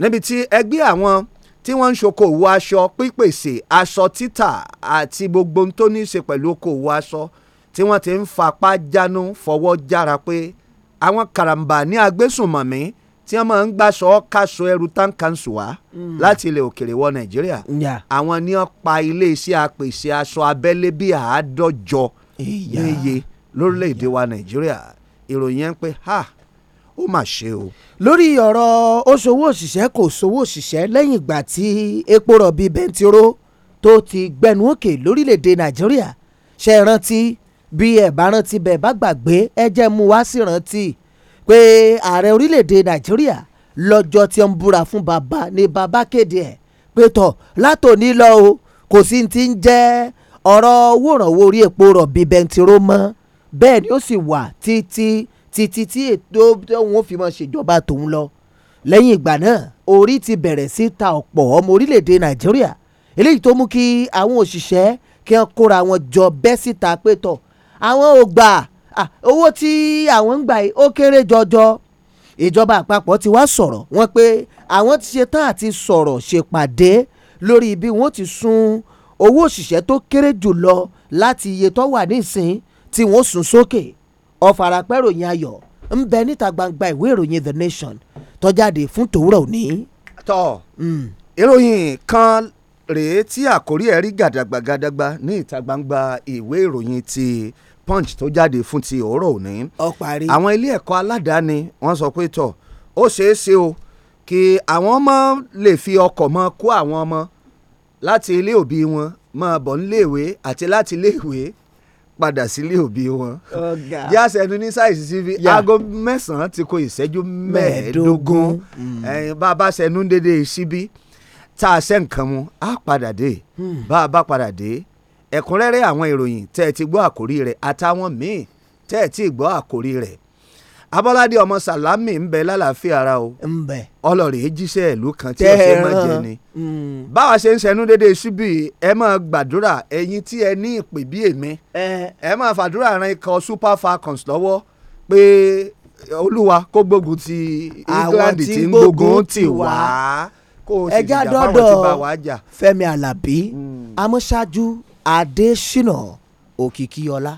níbi tí ẹgbẹ́ àwọn tí wọ́n ń ṣokòwò aṣọ pípèsè aṣọ títà àti gbogbo tó ní í ṣe pẹ̀lú okòwò aṣọ tí wọ́n ti ń fapá jánu fọwọ́ jára pé àwọn karambani ní agbésùnmọ̀mí tí wọ́n máa ń gbàṣọ káṣọ ẹrù tán kanṣu wá mm. láti ilẹ̀ òkèrè wọ nàìjíríà àwọn ni wọ́n pa iléeṣẹ́ apèsè aṣọ abẹ́lé bíi àádọ́jọ níye lórílẹ̀‐èdè wa nàìjíríà ìròyìn yẹn pé ha ó mà ṣe o. lórí ọ̀rọ̀ ó ṣòwò òṣìṣẹ́ kò ṣòwò òṣìṣẹ́ lẹ́yìn ìgbà tí epo rọ̀bì bẹntiró tó ti gbẹnu òkè lórílẹ̀‐èdè nàìjíríà ṣe rántí bí ẹ̀ bá rántí bẹ́ẹ̀ bá gbàgbé ẹ jẹ́ mu wá sí rántí. Si pé ààrẹ orílẹ̀-èdè nàìjíríà lọ́jọ́ tí ń búra fún bàbá ni bàbá kéde ẹ̀ pé tọ̀ látòní lọ o kò sí ti ń jẹ́ ọ̀rọ̀ owó ìrànwọ́ orí epo rọ̀bì bẹntiró mọ́ bẹ́ẹ̀ ni ó sì wà títí títí tí ètò òun ò fi mọ́ ṣèjọba tòun lọ lẹ́yìn ìgbà náà orí ti bẹ̀rẹ̀ sí ta ọ̀pọ̀ ọmọ orílẹ̀-èdè nàìjíríà eléyìí tó mú kí àwọn òṣìṣẹ́ kí wọ́n kóra wọn jọ bẹ́ síta pé tọ̀ àwọn ò gbà owó tí àwọn ń gbà yìí ó kéré jọjọ ìjọba àpapọ̀ ti wá sọ̀rọ̀ wọn pé àwọn ti ṣe tán àti sọ̀rọ̀ ṣèpàdé lórí bí wọ́n ti sun owó òṣìṣẹ́ tó kéré jù lọ láti iye tó wà nísìn tí wọ́n sun sókè ọ̀fàràpẹ́ ròyìn ayọ̀ ń bẹ níta gbangba ìwé ìròyìn The Nation tó jáde fún tòwúrọ̀ òní. tọ́ hmm. ìròyìn kan rèé tí àkórí ẹ̀ rí gàdàgbàgàdàgbà ní ìta gbangba ìwé ìròyìn ti punch tó jáde fún ti òórọ̀ òní. ó parí. àwọn ilé ẹ̀kọ́ aládàáni wọ́n sọ pé tọ̀ ó ṣeé ṣe o kí àwọn ọmọ lè fi ọkọ̀ mọ kó àwọn ọmọ láti ilé òbí wọn máa bọ̀ níléèwé àti láti iléèwé padà sílé òbí wọn. yá sẹ́nu ní sáìsì síbi aago mẹ́sàn-án ti kó ìṣẹ́jú mẹ́ẹ̀ẹ́dógún mm. Mm. bá a bá sẹ́nu dédé síbi tá a ṣe nǹkan mu á padà dé hmm. bá a bá padà dé ẹ̀kúnrẹ́rẹ́ àwọn ìròyìn tẹ́ ẹ ti gbọ́ àkórí rẹ̀ àtàwọn míì tẹ́ ẹ ti gbọ́ àkórí rẹ̀ Abọ́ládé ọmọ Sàlámì ń bẹ lálàáfíà ara o ọlọ́rẹ̀ jíṣẹ́ ìlú kan tí ọ̀sẹ̀ máa jẹ ni mm. báwa ṣe ń ṣẹnu déédéé síbí ẹ máa gbàdúrà ẹ̀yin tí ẹ ní ìpè bí èmi ẹ máa fàdúrà ran ikọ̀ Super Falcons lọ́wọ́ pé Olúwa kó gbógun ti England tí ń gbógun tì wá kó o sì jà báwọn ti bá wa jà. Fẹ́mi Alábí amọ́ṣáájú mm adésínà òkìkíọlá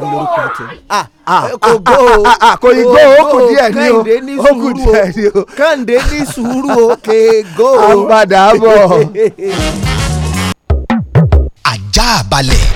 lórúkọ tẹ. Ah, ah, eh, kò ah, gbó o kò yí gbó o kò díẹ̀ ní o ó kù oh, díẹ̀ ní o. kànde ní sùúrù o kè gbó o. a padà bọ̀. ajá balẹ̀.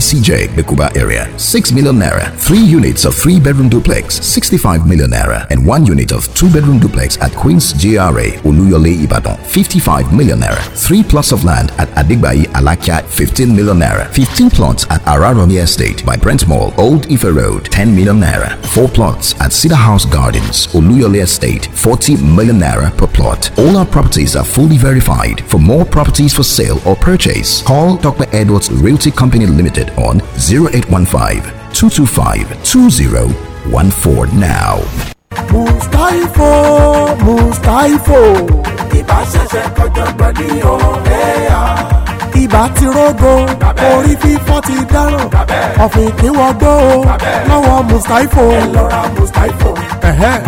BCJ, Bekuba area, 6 million naira. Three units of three bedroom duplex, 65 million naira. And one unit of two bedroom duplex at Queen's GRA, Uluyole Ibadan, 55 million naira. Three plots of land at Adigbai, Alakia, 15 million naira. 15 plots at Araromi Estate by Brent Mall, Old Ife Road, 10 million naira. Four plots at Cedar House Gardens, Uluyole Estate, 40 million naira per plot. All our properties are fully verified. For more properties for sale or purchase, call Dr. Edwards Realty Company Limited on 0815-225-2014 now. Mustaifo, Mustaifo. ibà ti rógo orí fífọ́ ti dáràn ọ̀fìn ìkínwọ́gbó o lọ́wọ́ mùsítáífò. ẹ lọ ra mùsítáífò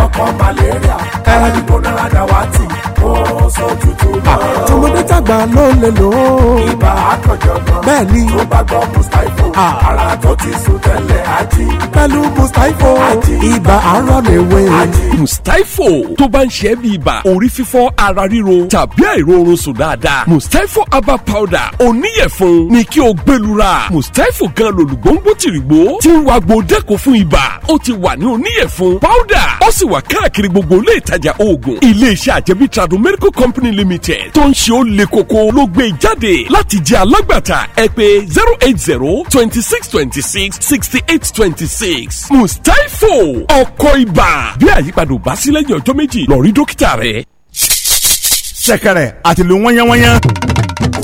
ọkọ̀ malaria aládìgbò náírà dàwátì ó sọ tútù náà. Ah, tọmọdé tàgbà ló lè lò ó. ibà àkànjọ̀gbọ́n bẹ́ẹ̀ ni tó bá gbọ́ mùsítáífò ah. ara tó ti sùn tẹ́lẹ̀ ají. pẹ̀lú mùsítáífò ibà arọ lè wé. mùsítáífò tó bá ń ṣe é bí ibà orí fífọ́ ara ríro tàbí àìróorun sùn dáadáa mùsítáífò herbal powder oníyẹ̀fun ni kí o gbẹlura mustapha gan lòlùgbòǹgbò tìrìgbò ti ń wa gbòdẹ́kọ̀ fún ibà ó ti wà ní oníyẹ̀fun powder ó sì wà káàkiri gbogbo ilé ìtajà oògùn iléeṣẹ́ àjẹbí tradu medical company limited tó ń ṣe ó le koko ló gbé e jáde láti jẹ́ alágbàtà ẹ pè zero eight zero twenty six twenty six sixty eight twenty six mustapha ọkọ̀ ibà bí àyípadà ò bá sí lẹ́yìn ọjọ́ méjì lọ rí dókítà rẹ. sẹ̀kẹ̀rẹ̀ àtìlú wọ́nyánwọ́nyán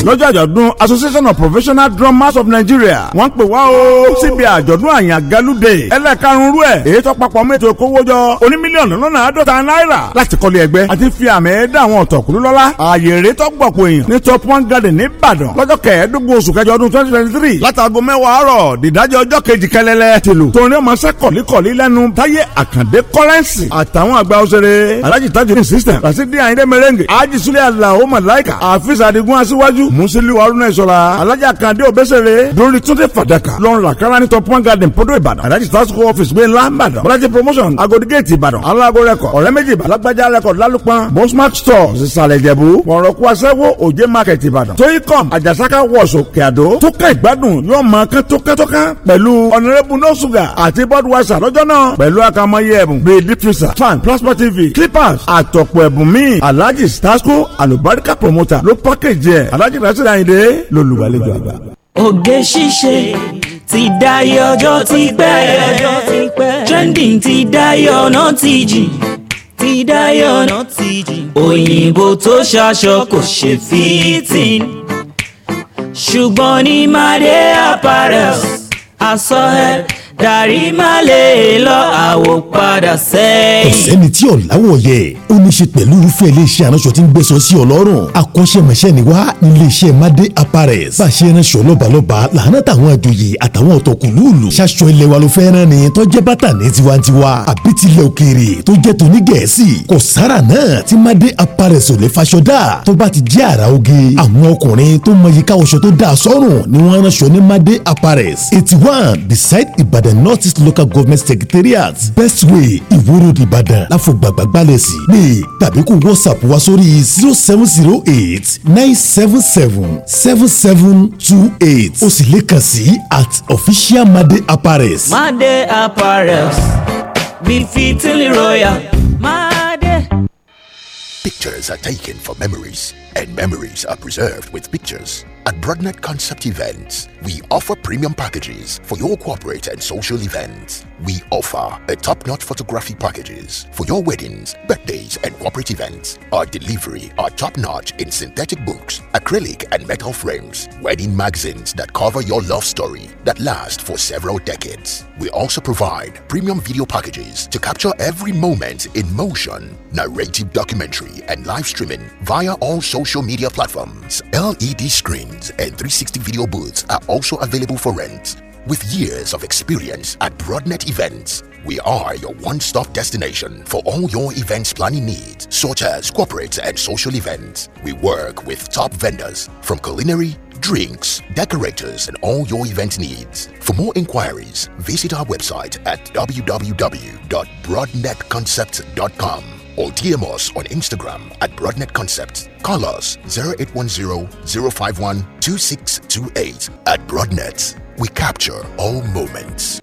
lọ́jọ́ àjọ̀dún association of professional drummers of nigeria wọ́n ń pè wá o síbi àjọ̀dún àyàn galude ẹlẹ́karùn-ún ẹ̀ èyí tó papọ̀ mẹ́tò kówójọ oní mílíọ̀nù lọ́nà àádọ́ta náírà láti kọ́lé ẹgbẹ́ àti fi àmì ẹ̀dá àwọn ọ̀tọ̀kùnrin lọ́lá ààyè èrè tó gbọ̀pọ̀ èèyàn ní top one garden ní ìbàdàn lọ́jọ́ kẹẹ̀ẹ́dógún oṣù kẹjọ ọdún twenty twenty three látàgọ́ mẹ́wàá àárọ̀ dìdájọ́ ọjọ́ kejì kẹlẹ́lẹ́ tìlù torí ọmọ ṣẹ́ kọ̀líkọ̀lí lẹ́nu táyé àkàndé kọ́rẹ́ǹsì àtàwọn àgbà òṣèré alhaji tajudeen system rasidi ayinde merengue ajisule alao malaika afisa adigun aṣíwájú musiliu haruna ìṣọ̀lá alájà kande obesere lórí túnde fadaka lọ́run làkàrà ní top one garden podo ìbàdàn alaji tasuku office gbé ńlá ìbàdàn bọ́lájì promotion agodi gate ìbàdàn alago record ọ̀rẹ́ méjì ìbàdàn alágbájá record lálùpọ̀n bosmark store ìsàlẹ̀ ìjẹ̀bú pọ̀nrọ̀kú aṣẹ́wó òjé market ìbàdàn toyicom àjàsáká wọ̀ṣọ̀ kíadó tókà ìgbádùn yóò máa kán tókẹ́tókẹ́ pẹ̀lú ọ̀nàrẹ́bù no ati àti budweiser lọ́jọ́ náà pẹ̀lú akamọ́yé ẹ̀bùn bíi diffuser fan plasma tv clippers àtọ̀pọ̀ ẹ̀bùn míì alhaji tasuku alubarika promoter lo package ẹ̀ alhaji Aláàjì Bàṣírà Àyìndé lolùgbàlejò àgbà. oge ṣíṣe ti dayé ọjọ́ ti pẹ́ trending ti dayé ọ̀nà ti jìn ti dayé ọ̀nà ti jìn òyìnbó tó ṣaṣọ kò ṣe fitting ṣùgbọ́n ní Made Apparel asọ́hẹ́ darí má lè lọ àwò padà sẹ́yìn. kò sẹ́ni tí ọ̀làwọ̀ yẹ ó ní ṣe pẹ̀lú irúfẹ́ iléeṣẹ́ aránṣọ tí ń gbẹ̀sọ̀ sí ọlọ́run akọ́ṣẹ́mọṣẹ́ ni wá iléeṣẹ́ madé apparels bá a ṣe ránṣọ lọ́balọ́ba làánà táwọn àjòyè àtàwọn ọ̀tọ̀kùlúùlù ṣaṣọ ilẹ̀ wa ló fẹ́ràn ni tó jẹ́ bàtà ní tiwantiwa àbí tilẹ̀ òkèèrè tó jẹ́ tóní gẹ̀ẹ́sì kò sára náà tí madé apparels ò lè faṣọ dá tó bá ti jẹ́ àrà oge àwọn ọkùnrin tó beside Ìbàdàn the northeast local government secretariat best way ìwúrò ìbàdàn láfọ̀gbàgbà gbalẹ̀ sí pé tàbí kó whatsapp wá sórí zero seven zero eight nine seven seven seven seven two eight o sì lè kàn sí at official made apparels. made apparels be fitting royal. Made. Pictures are taken for memories, and memories are preserved with pictures. At Broadnet Concept Events, we offer premium packages for your corporate and social events we offer a top-notch photography packages for your weddings, birthdays, and corporate events. Our delivery are top-notch in synthetic books, acrylic and metal frames, wedding magazines that cover your love story that last for several decades. We also provide premium video packages to capture every moment in motion, narrative documentary, and live streaming via all social media platforms. LED screens and 360 video booths are also available for rent with years of experience at Broadnet Events, we are your one stop destination for all your events planning needs, such as corporate and social events. We work with top vendors from culinary, drinks, decorators, and all your event needs. For more inquiries, visit our website at www.broadnetconcept.com or DM us on Instagram at Broadnet Concept. Call us 0810 051 2628 at Broadnet. We capture all moments.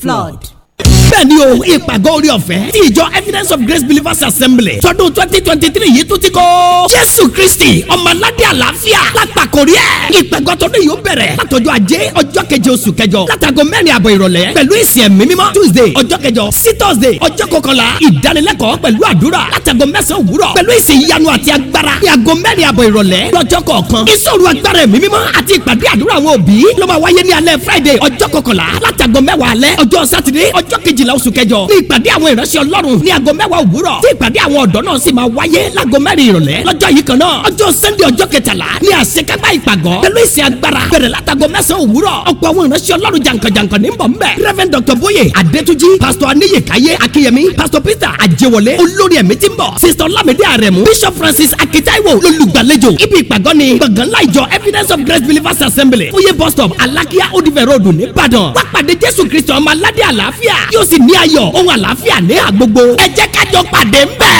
flawed. bẹ́ẹ̀ni o ìpàgọ́ orí ọ̀fẹ́ tí ìjọ evidence of grace believers assembly tọdún twenty twenty three yìí tún ti kọ́. jésù kristi ọmọládé àlàáfíà látàkórí ẹ̀. ìpàgọ́ tọdún yìí ó bẹ̀rẹ̀ látọjọ́ ajé ọjọ́ keje oṣù kẹjọ látago mẹ́rin àbọ̀ ìrọ̀lẹ́ pẹ̀lú ìsìn ẹ̀mí mímọ́ tuesday ọjọ́ kẹjọ sí thursday ọjọ́ kọkànlá ìdánilẹ́kọ̀ọ́ pẹ̀lú àdúrà látago mẹ́sàn òwúrọ̀ pẹ̀lú ìsìn ìyanu àti agbára ní ago mẹ́rin àbọ̀ ìrọ̀lẹ́ lọ́jọ́ kọ̀ọ̀kan ìṣòro agbára ẹ̀mí mímọ́ àti ìpàdé friday ọjọ́ kọkànlá látago mẹ́wàá alẹ́ ọjọ́ ọjọ́ kejìlá oṣù kẹjọ ní ìpàdé àwọn ìránṣẹ́ ọlọ́run ní aago mẹ́wàá òwúrọ̀ tí ìpàdé àwọn ọ̀dọ́ náà sì máa wáyé láago mẹ́rin ìrọ̀lẹ́ lọ́jọ́ yìí kan náà ọjọ́ sẹ́ndé ọjọ́ kẹtàlá ní àṣekágbá ìpàgọ́ pẹ̀lú ìsìn agbára bẹ̀rẹ̀ látago mẹ́sàn-án òwúrọ̀ ọ̀pọ̀ àwọn ìránṣẹ́ ọlọ́run jàǹkànjàǹkàn ní bọ̀ ńbẹ̀ Rev. Dr. Boye Adetuji Pastor Aniyekaye Akiyemi Pastor Peter Ajewole olórí ẹ̀mí ti ń bọ̀ Sister Olamide Aremu Bishop Francis Akitaiwo lolùgbàlejò ibi ìpàgọ́ ni gbọ̀ngànlá ìjọ Evidence of Grace Believers Assembly Oye bus stop Alakia Odive Road ní Ìbàdàn wá pàdé Jésù Kristi ọmọ aládé àlàáfíà yóò sì ní ayọ̀ ohun àlàáfíà ní àgbogbo ẹ jẹ́ kájọ pàdé ńbẹ̀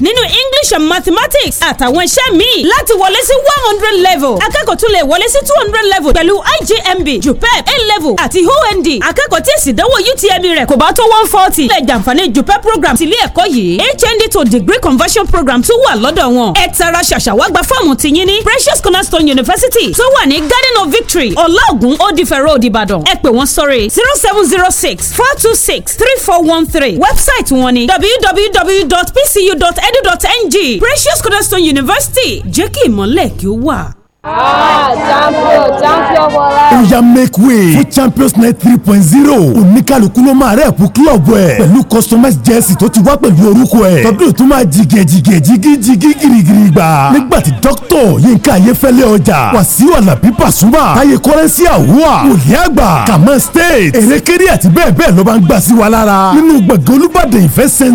nínú English and mathematics àtàwọn iṣẹ́ míì láti wọlé sí one hundred level akẹ́kọ̀ọ́ tún lè wọlé sí two hundred level pẹ̀lú IJMB Jupep A level àti OND akẹ́kọ̀ọ́ tí èsì UTM UTME rẹ̀ kò bá tó one forty lè jàǹfààní JUPEB program tìlé ẹ̀kọ́ yìí HND to degree conversion program tún wà lọ́dọ̀ wọn ẹ tara ṣàṣàwágbá fọ́ọ̀mù tìyín ní Precious Cornerstone University tó wà ní Garden of Victory ọlọ́ọ̀gùn òdìfẹ́ road Ìbàdàn ẹ pè wọ́n sórí zero seven zero six four two six three four one three website wọn ni www.pcu.nl edu.ng Precious Cornerstone University jẹ́ kí ìmọ̀lẹ̀ kí ó wà. Ah, make way fún champions night three point zero oníkàlùkù ló máa rẹ̀ fún kílọ̀bù ẹ̀ pẹ̀lú customized jersey tó ti wá pẹ̀lú orúkọ ẹ̀ tọdún tó máa jìgẹ̀ jìgẹ̀ jìgí jìgí girigiri gbà nígbà tí dókítọ̀ Yínká Ayéfẹ́lẹ́ ọjà Wàsíù Àlàbí Pàṣúmà táyé kọ́rẹ́nsì àwùwà wòlíì àgbà Kàmá state Èrèkéré àti bẹ́ẹ̀ bẹ́ẹ̀ ló bá ń gbà sí wa lára nínú gbọ̀ngàn Olúbàdàn ìfẹ́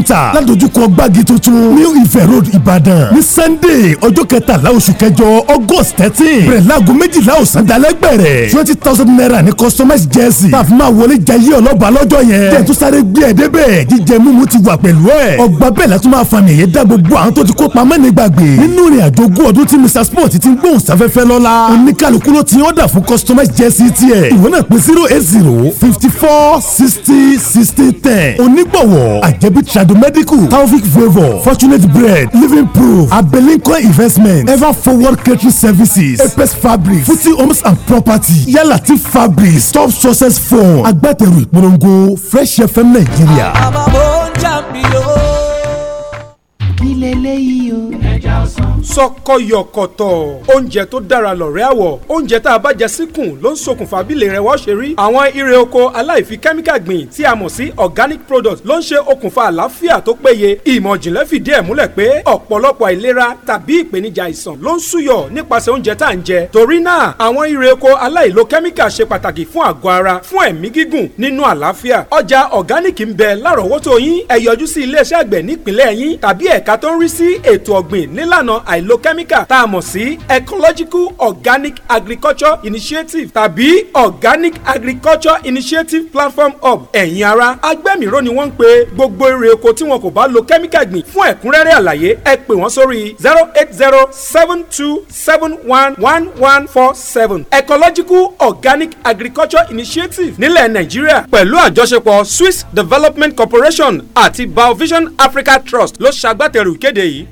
Ife Road Ìbàdàn ní Sunday ọjọ́ kẹtàlá oṣù August thirteen bẹ̀rẹ̀ láago méjìlá ọ̀sán dalẹ́ gbẹ̀rẹ̀ twenty thousand naira ní customized jersey tá a fi máa wọlé jayé ọlọ́ba lọ́jọ́ yẹn tẹ̀ tún sáré gbé ẹ̀ débẹ̀ jíjẹ mímu ti wà pẹ̀lú ẹ̀ ọgbà bẹ́ẹ̀ la tún máa fa nìyẹn dá gbogbo àwọn tó ti kó pamọ́ ní gbàgbé nínú ìrìn àjò ogún ọdún tí Mr Sport ti ń gbóhùn sáfẹ́fẹ́ lọ́la oníkàlùkù ló ti ọ̀dà fún customized jersey tiẹ̀ ìwọ náà pé zero eight zero fifty four sixty sixty ten onígbọ̀wọ̀ àjẹbí tradomedical taofik favour fortunate bread living proof abelinko investment ever forward catering services fabrics apes fabrics futi homes and property yálà ti fabrics top success phone agbátẹrù ìpolongo fresh fm nàìjíríà. àbàbò ń jà mí o. kí lélẹ́yìí o sọkọyọkọtọ oúnjẹ tó dára lọ̀rẹ́ àwọ̀ oúnjẹ tá a bá jẹ síkùn ló ń ṣokùnfà bílẹ̀ rẹ̀ wọ́n ṣe rí àwọn irè oko aláìfi kẹ́míkà gbìn tí a mọ̀ sí organic product ló ń ṣe okùnfà àlàáfíà tó péye ìmọ̀ ìjìnlẹ̀ fìdí ẹ̀ múlẹ̀ pé ọ̀pọ̀lọpọ̀ àìlera tàbí ìpèníjà àìsàn ló ń súyọ nípasẹ̀ oúnjẹ tá à ń jẹ torí náà àwọn irè oko aláìlo kẹ́míkà ṣe pàtàkì fún àgọ́ ara fún ẹ̀mí gígùn nínú àlàáfíà ọjà organic ń bẹ lárọ̀ọ́wọ́tó yín ẹ yọjú sí iléeṣẹ́ àgbẹ̀ nípìnlẹ̀ yín tàbí ẹ̀ka tó ń rí sí ètò ọ̀gbìn nílànà àìlo kẹ́míkà tá a mọ̀ sí ecological organic agriculture initiative tàbí organic agriculture initiative platform hub ẹ̀yin ara agbẹ́mìíràn ni wọ́n ń pe gbogbo èrè oko tí wọn kò bá lo kẹ́míkà gbìn fún ẹ̀kúnrẹ́rẹ́ àlàyé ẹ pè wọ́n sórí zero eight zero seven two seven one one one four seven ecological organic agriculture initiative nílẹ̀ nàìjíríà pẹ̀lú àjọṣepọ̀ swiss development corporation àti biovision africa trust ló ṣagbátẹrù ìkéde yìí.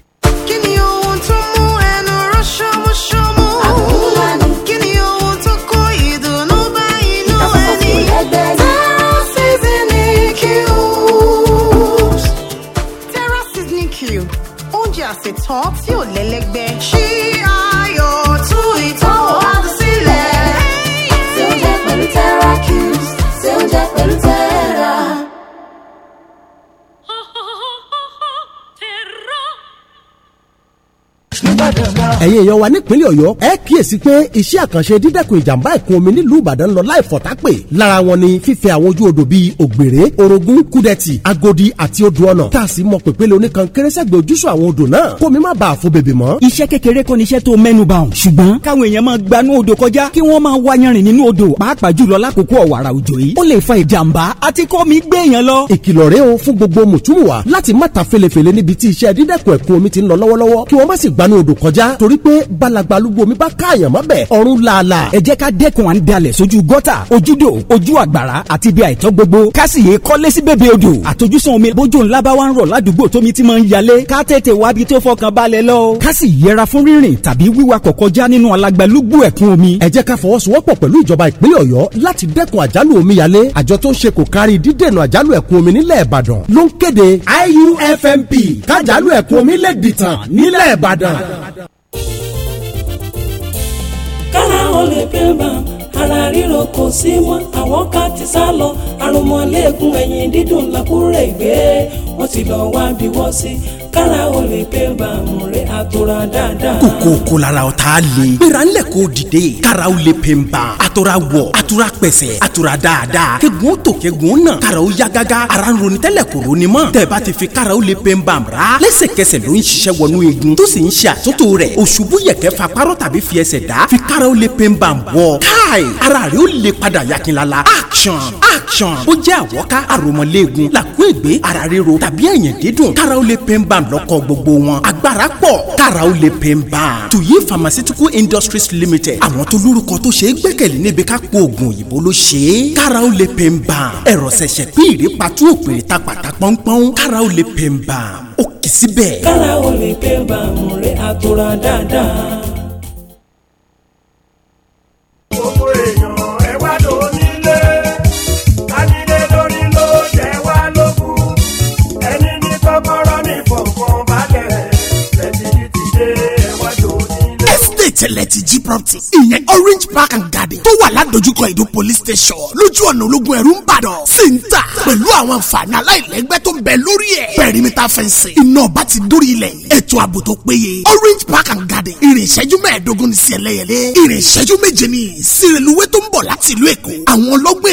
as it talks, you lelekbe. She ẹ̀yin èèyàn wa nípínlẹ̀ ọ̀yọ́ ẹ kíyèsí pé iṣẹ́ àkànṣe dídẹ́kun ìjàmbá ìkún omi nílùú ìbàdàn lọ láì fọ̀tápè lára wọn ni fífẹ́ àwọn ojú odò bíi ògbèrè orogún kúdẹ̀tì agodi àti odò ọ̀nà tá a sì mọ pèpele oníkan kérésẹ́gbẹ̀ ojúṣọ àwọn odò náà kó mi má bàa fo bèbè mọ́. iṣẹ́ kékeré kọ́ ni iṣẹ́ tó mẹ́nu bà ọ̀hún ṣùgbọ́n káwọn èèyàn máa gbanú odò kọjá kí wọ́n máa wá yanrìn nínú odò pàápàá jùlọ lákòókò ọ̀wàrà òjò yìí ó lè fa ìjàmbá àti kọ́ mi gbé èèyàn lọ. ìkìlọ̀ rẹ o fún gbogbo mùtúmùwà láti má ta felefele níbi tí iṣẹ́ dídẹ́kun ẹ̀kún omi ti ń lọ lọ́wọ́lọ́wọ́ kí wọ́n má sì gbanú odò kọjá mọ́ torí pé balagba alúgbó mi bá káàyàn mọ́ bẹ̀ ọ̀run làálà ẹ jẹ́ ká dẹ́kun à ń dalẹ̀ sójú gọ́tà ojúdò ojú àgbàrá àti ibi àìtọ́ gbogbo kásìyè kọ́lé sí bèbè odò àtojúsùn omi bójú ńlá bá wà ń rọ̀ ládùúgbò tómi ti máa ń yalé ká tètè wábi tó fọkàn balẹ̀ lọ. kásì yẹra fún rírìn tàbí wíwa kọ̀kọ́já nínú alagbalúgbú ẹ̀kún omi ẹ jẹ́ ká fọwọ́sowọ́pọ̀ pẹ̀lú ìjọba ìpínlẹ̀ ọ̀yọ́ láti dẹ́kun àjálù omíyalé àjọ tó ń ṣe kò kárí dídènà àjálù ẹ̀kún omi nílẹ̀ ìbàdàn ló ń kéde IUFMP kájálù ẹ̀kún lè pé mà ara ríro kò sí mọ́ àwọn ká ti sá lọ àrùn mọ́lẹ́gùn ẹ̀yìn dídùn làkúrẹ́ ìgbé wọ́n ti lọ́ọ́ wá bí wọ́n sí kára o lè pé bàmù rẹ̀ àtòrà dáadáa. kòkó kò lára o t'a le. gbéra ńlẹ̀ k'o dìde. kára o lè pè nbà. àtòrà wọ̀ àtòrà pẹ̀sẹ̀ àtòrà dáadáa. kegun tó kegun náà. kára o ya ara ń ronú tẹ́lẹ̀ kò ronú mọ́. tẹ̀bá ti fi kára o lè pè nbà mra. lẹ́sẹ̀kẹsẹ̀ ló ń ṣiṣẹ́ wọnú igun. tó sì ń ṣe àtúntò rẹ̀. òṣùbù yẹ̀kẹ́ fa párọ̀ tàbí fi ẹsẹ̀ dá. fi kára o lè pè nbà bọ̀. káì ara rẹ̀ ó lè padà yakinlala. action action. ó jẹ́ àwọ́ká àròmọléegun làkúègbé ara ríro tàbí ẹ̀yìn dídùn kára ó lè pin ban lọ́kọ̀ gbogbo wọn agbára pọ̀ kára ó lè pin ban. tuyi pharmaceutical industries limited àwọn tó lórúkọ tó ṣe é gbẹ́kẹ̀lé níbi ká po oògùn òyìnbó ló ṣe é kára ó lè pin ban. ẹ̀rọ ṣẹ̀ṣẹ̀ pín ìrèpàtú òpèrè ta pàtà pọ́npọ́n kára ó lè pin ban ó kì í síbẹ̀. kára ó lè pin ban mo rí àtúrà dáadáa ṣẹlẹ̀ ti jí property. ìyẹn orange park and garden tó wà ládojúkọ ìdó police station lójú ọ̀nà ológun ẹ̀rú ń bàdàn sí ń tà pẹ̀lú àwọn àǹfààní aláìlẹ́gbẹ́ tó ń bẹ lórí ẹ̀. pẹ̀rímítà fẹ́ǹsì iná ọba ti dórí ilẹ̀ ètò ààbò tó péye orange park and garden ìrìn ìṣẹ́jú mẹ́ẹ̀ẹ́dógún ní sí ẹlẹ́yẹlé ìrìn ìṣẹ́jú méje ní sírẹ̀lúwẹ́ tó ń bọ̀ láti ìlú èkó àwọn ọlọ́gbẹ́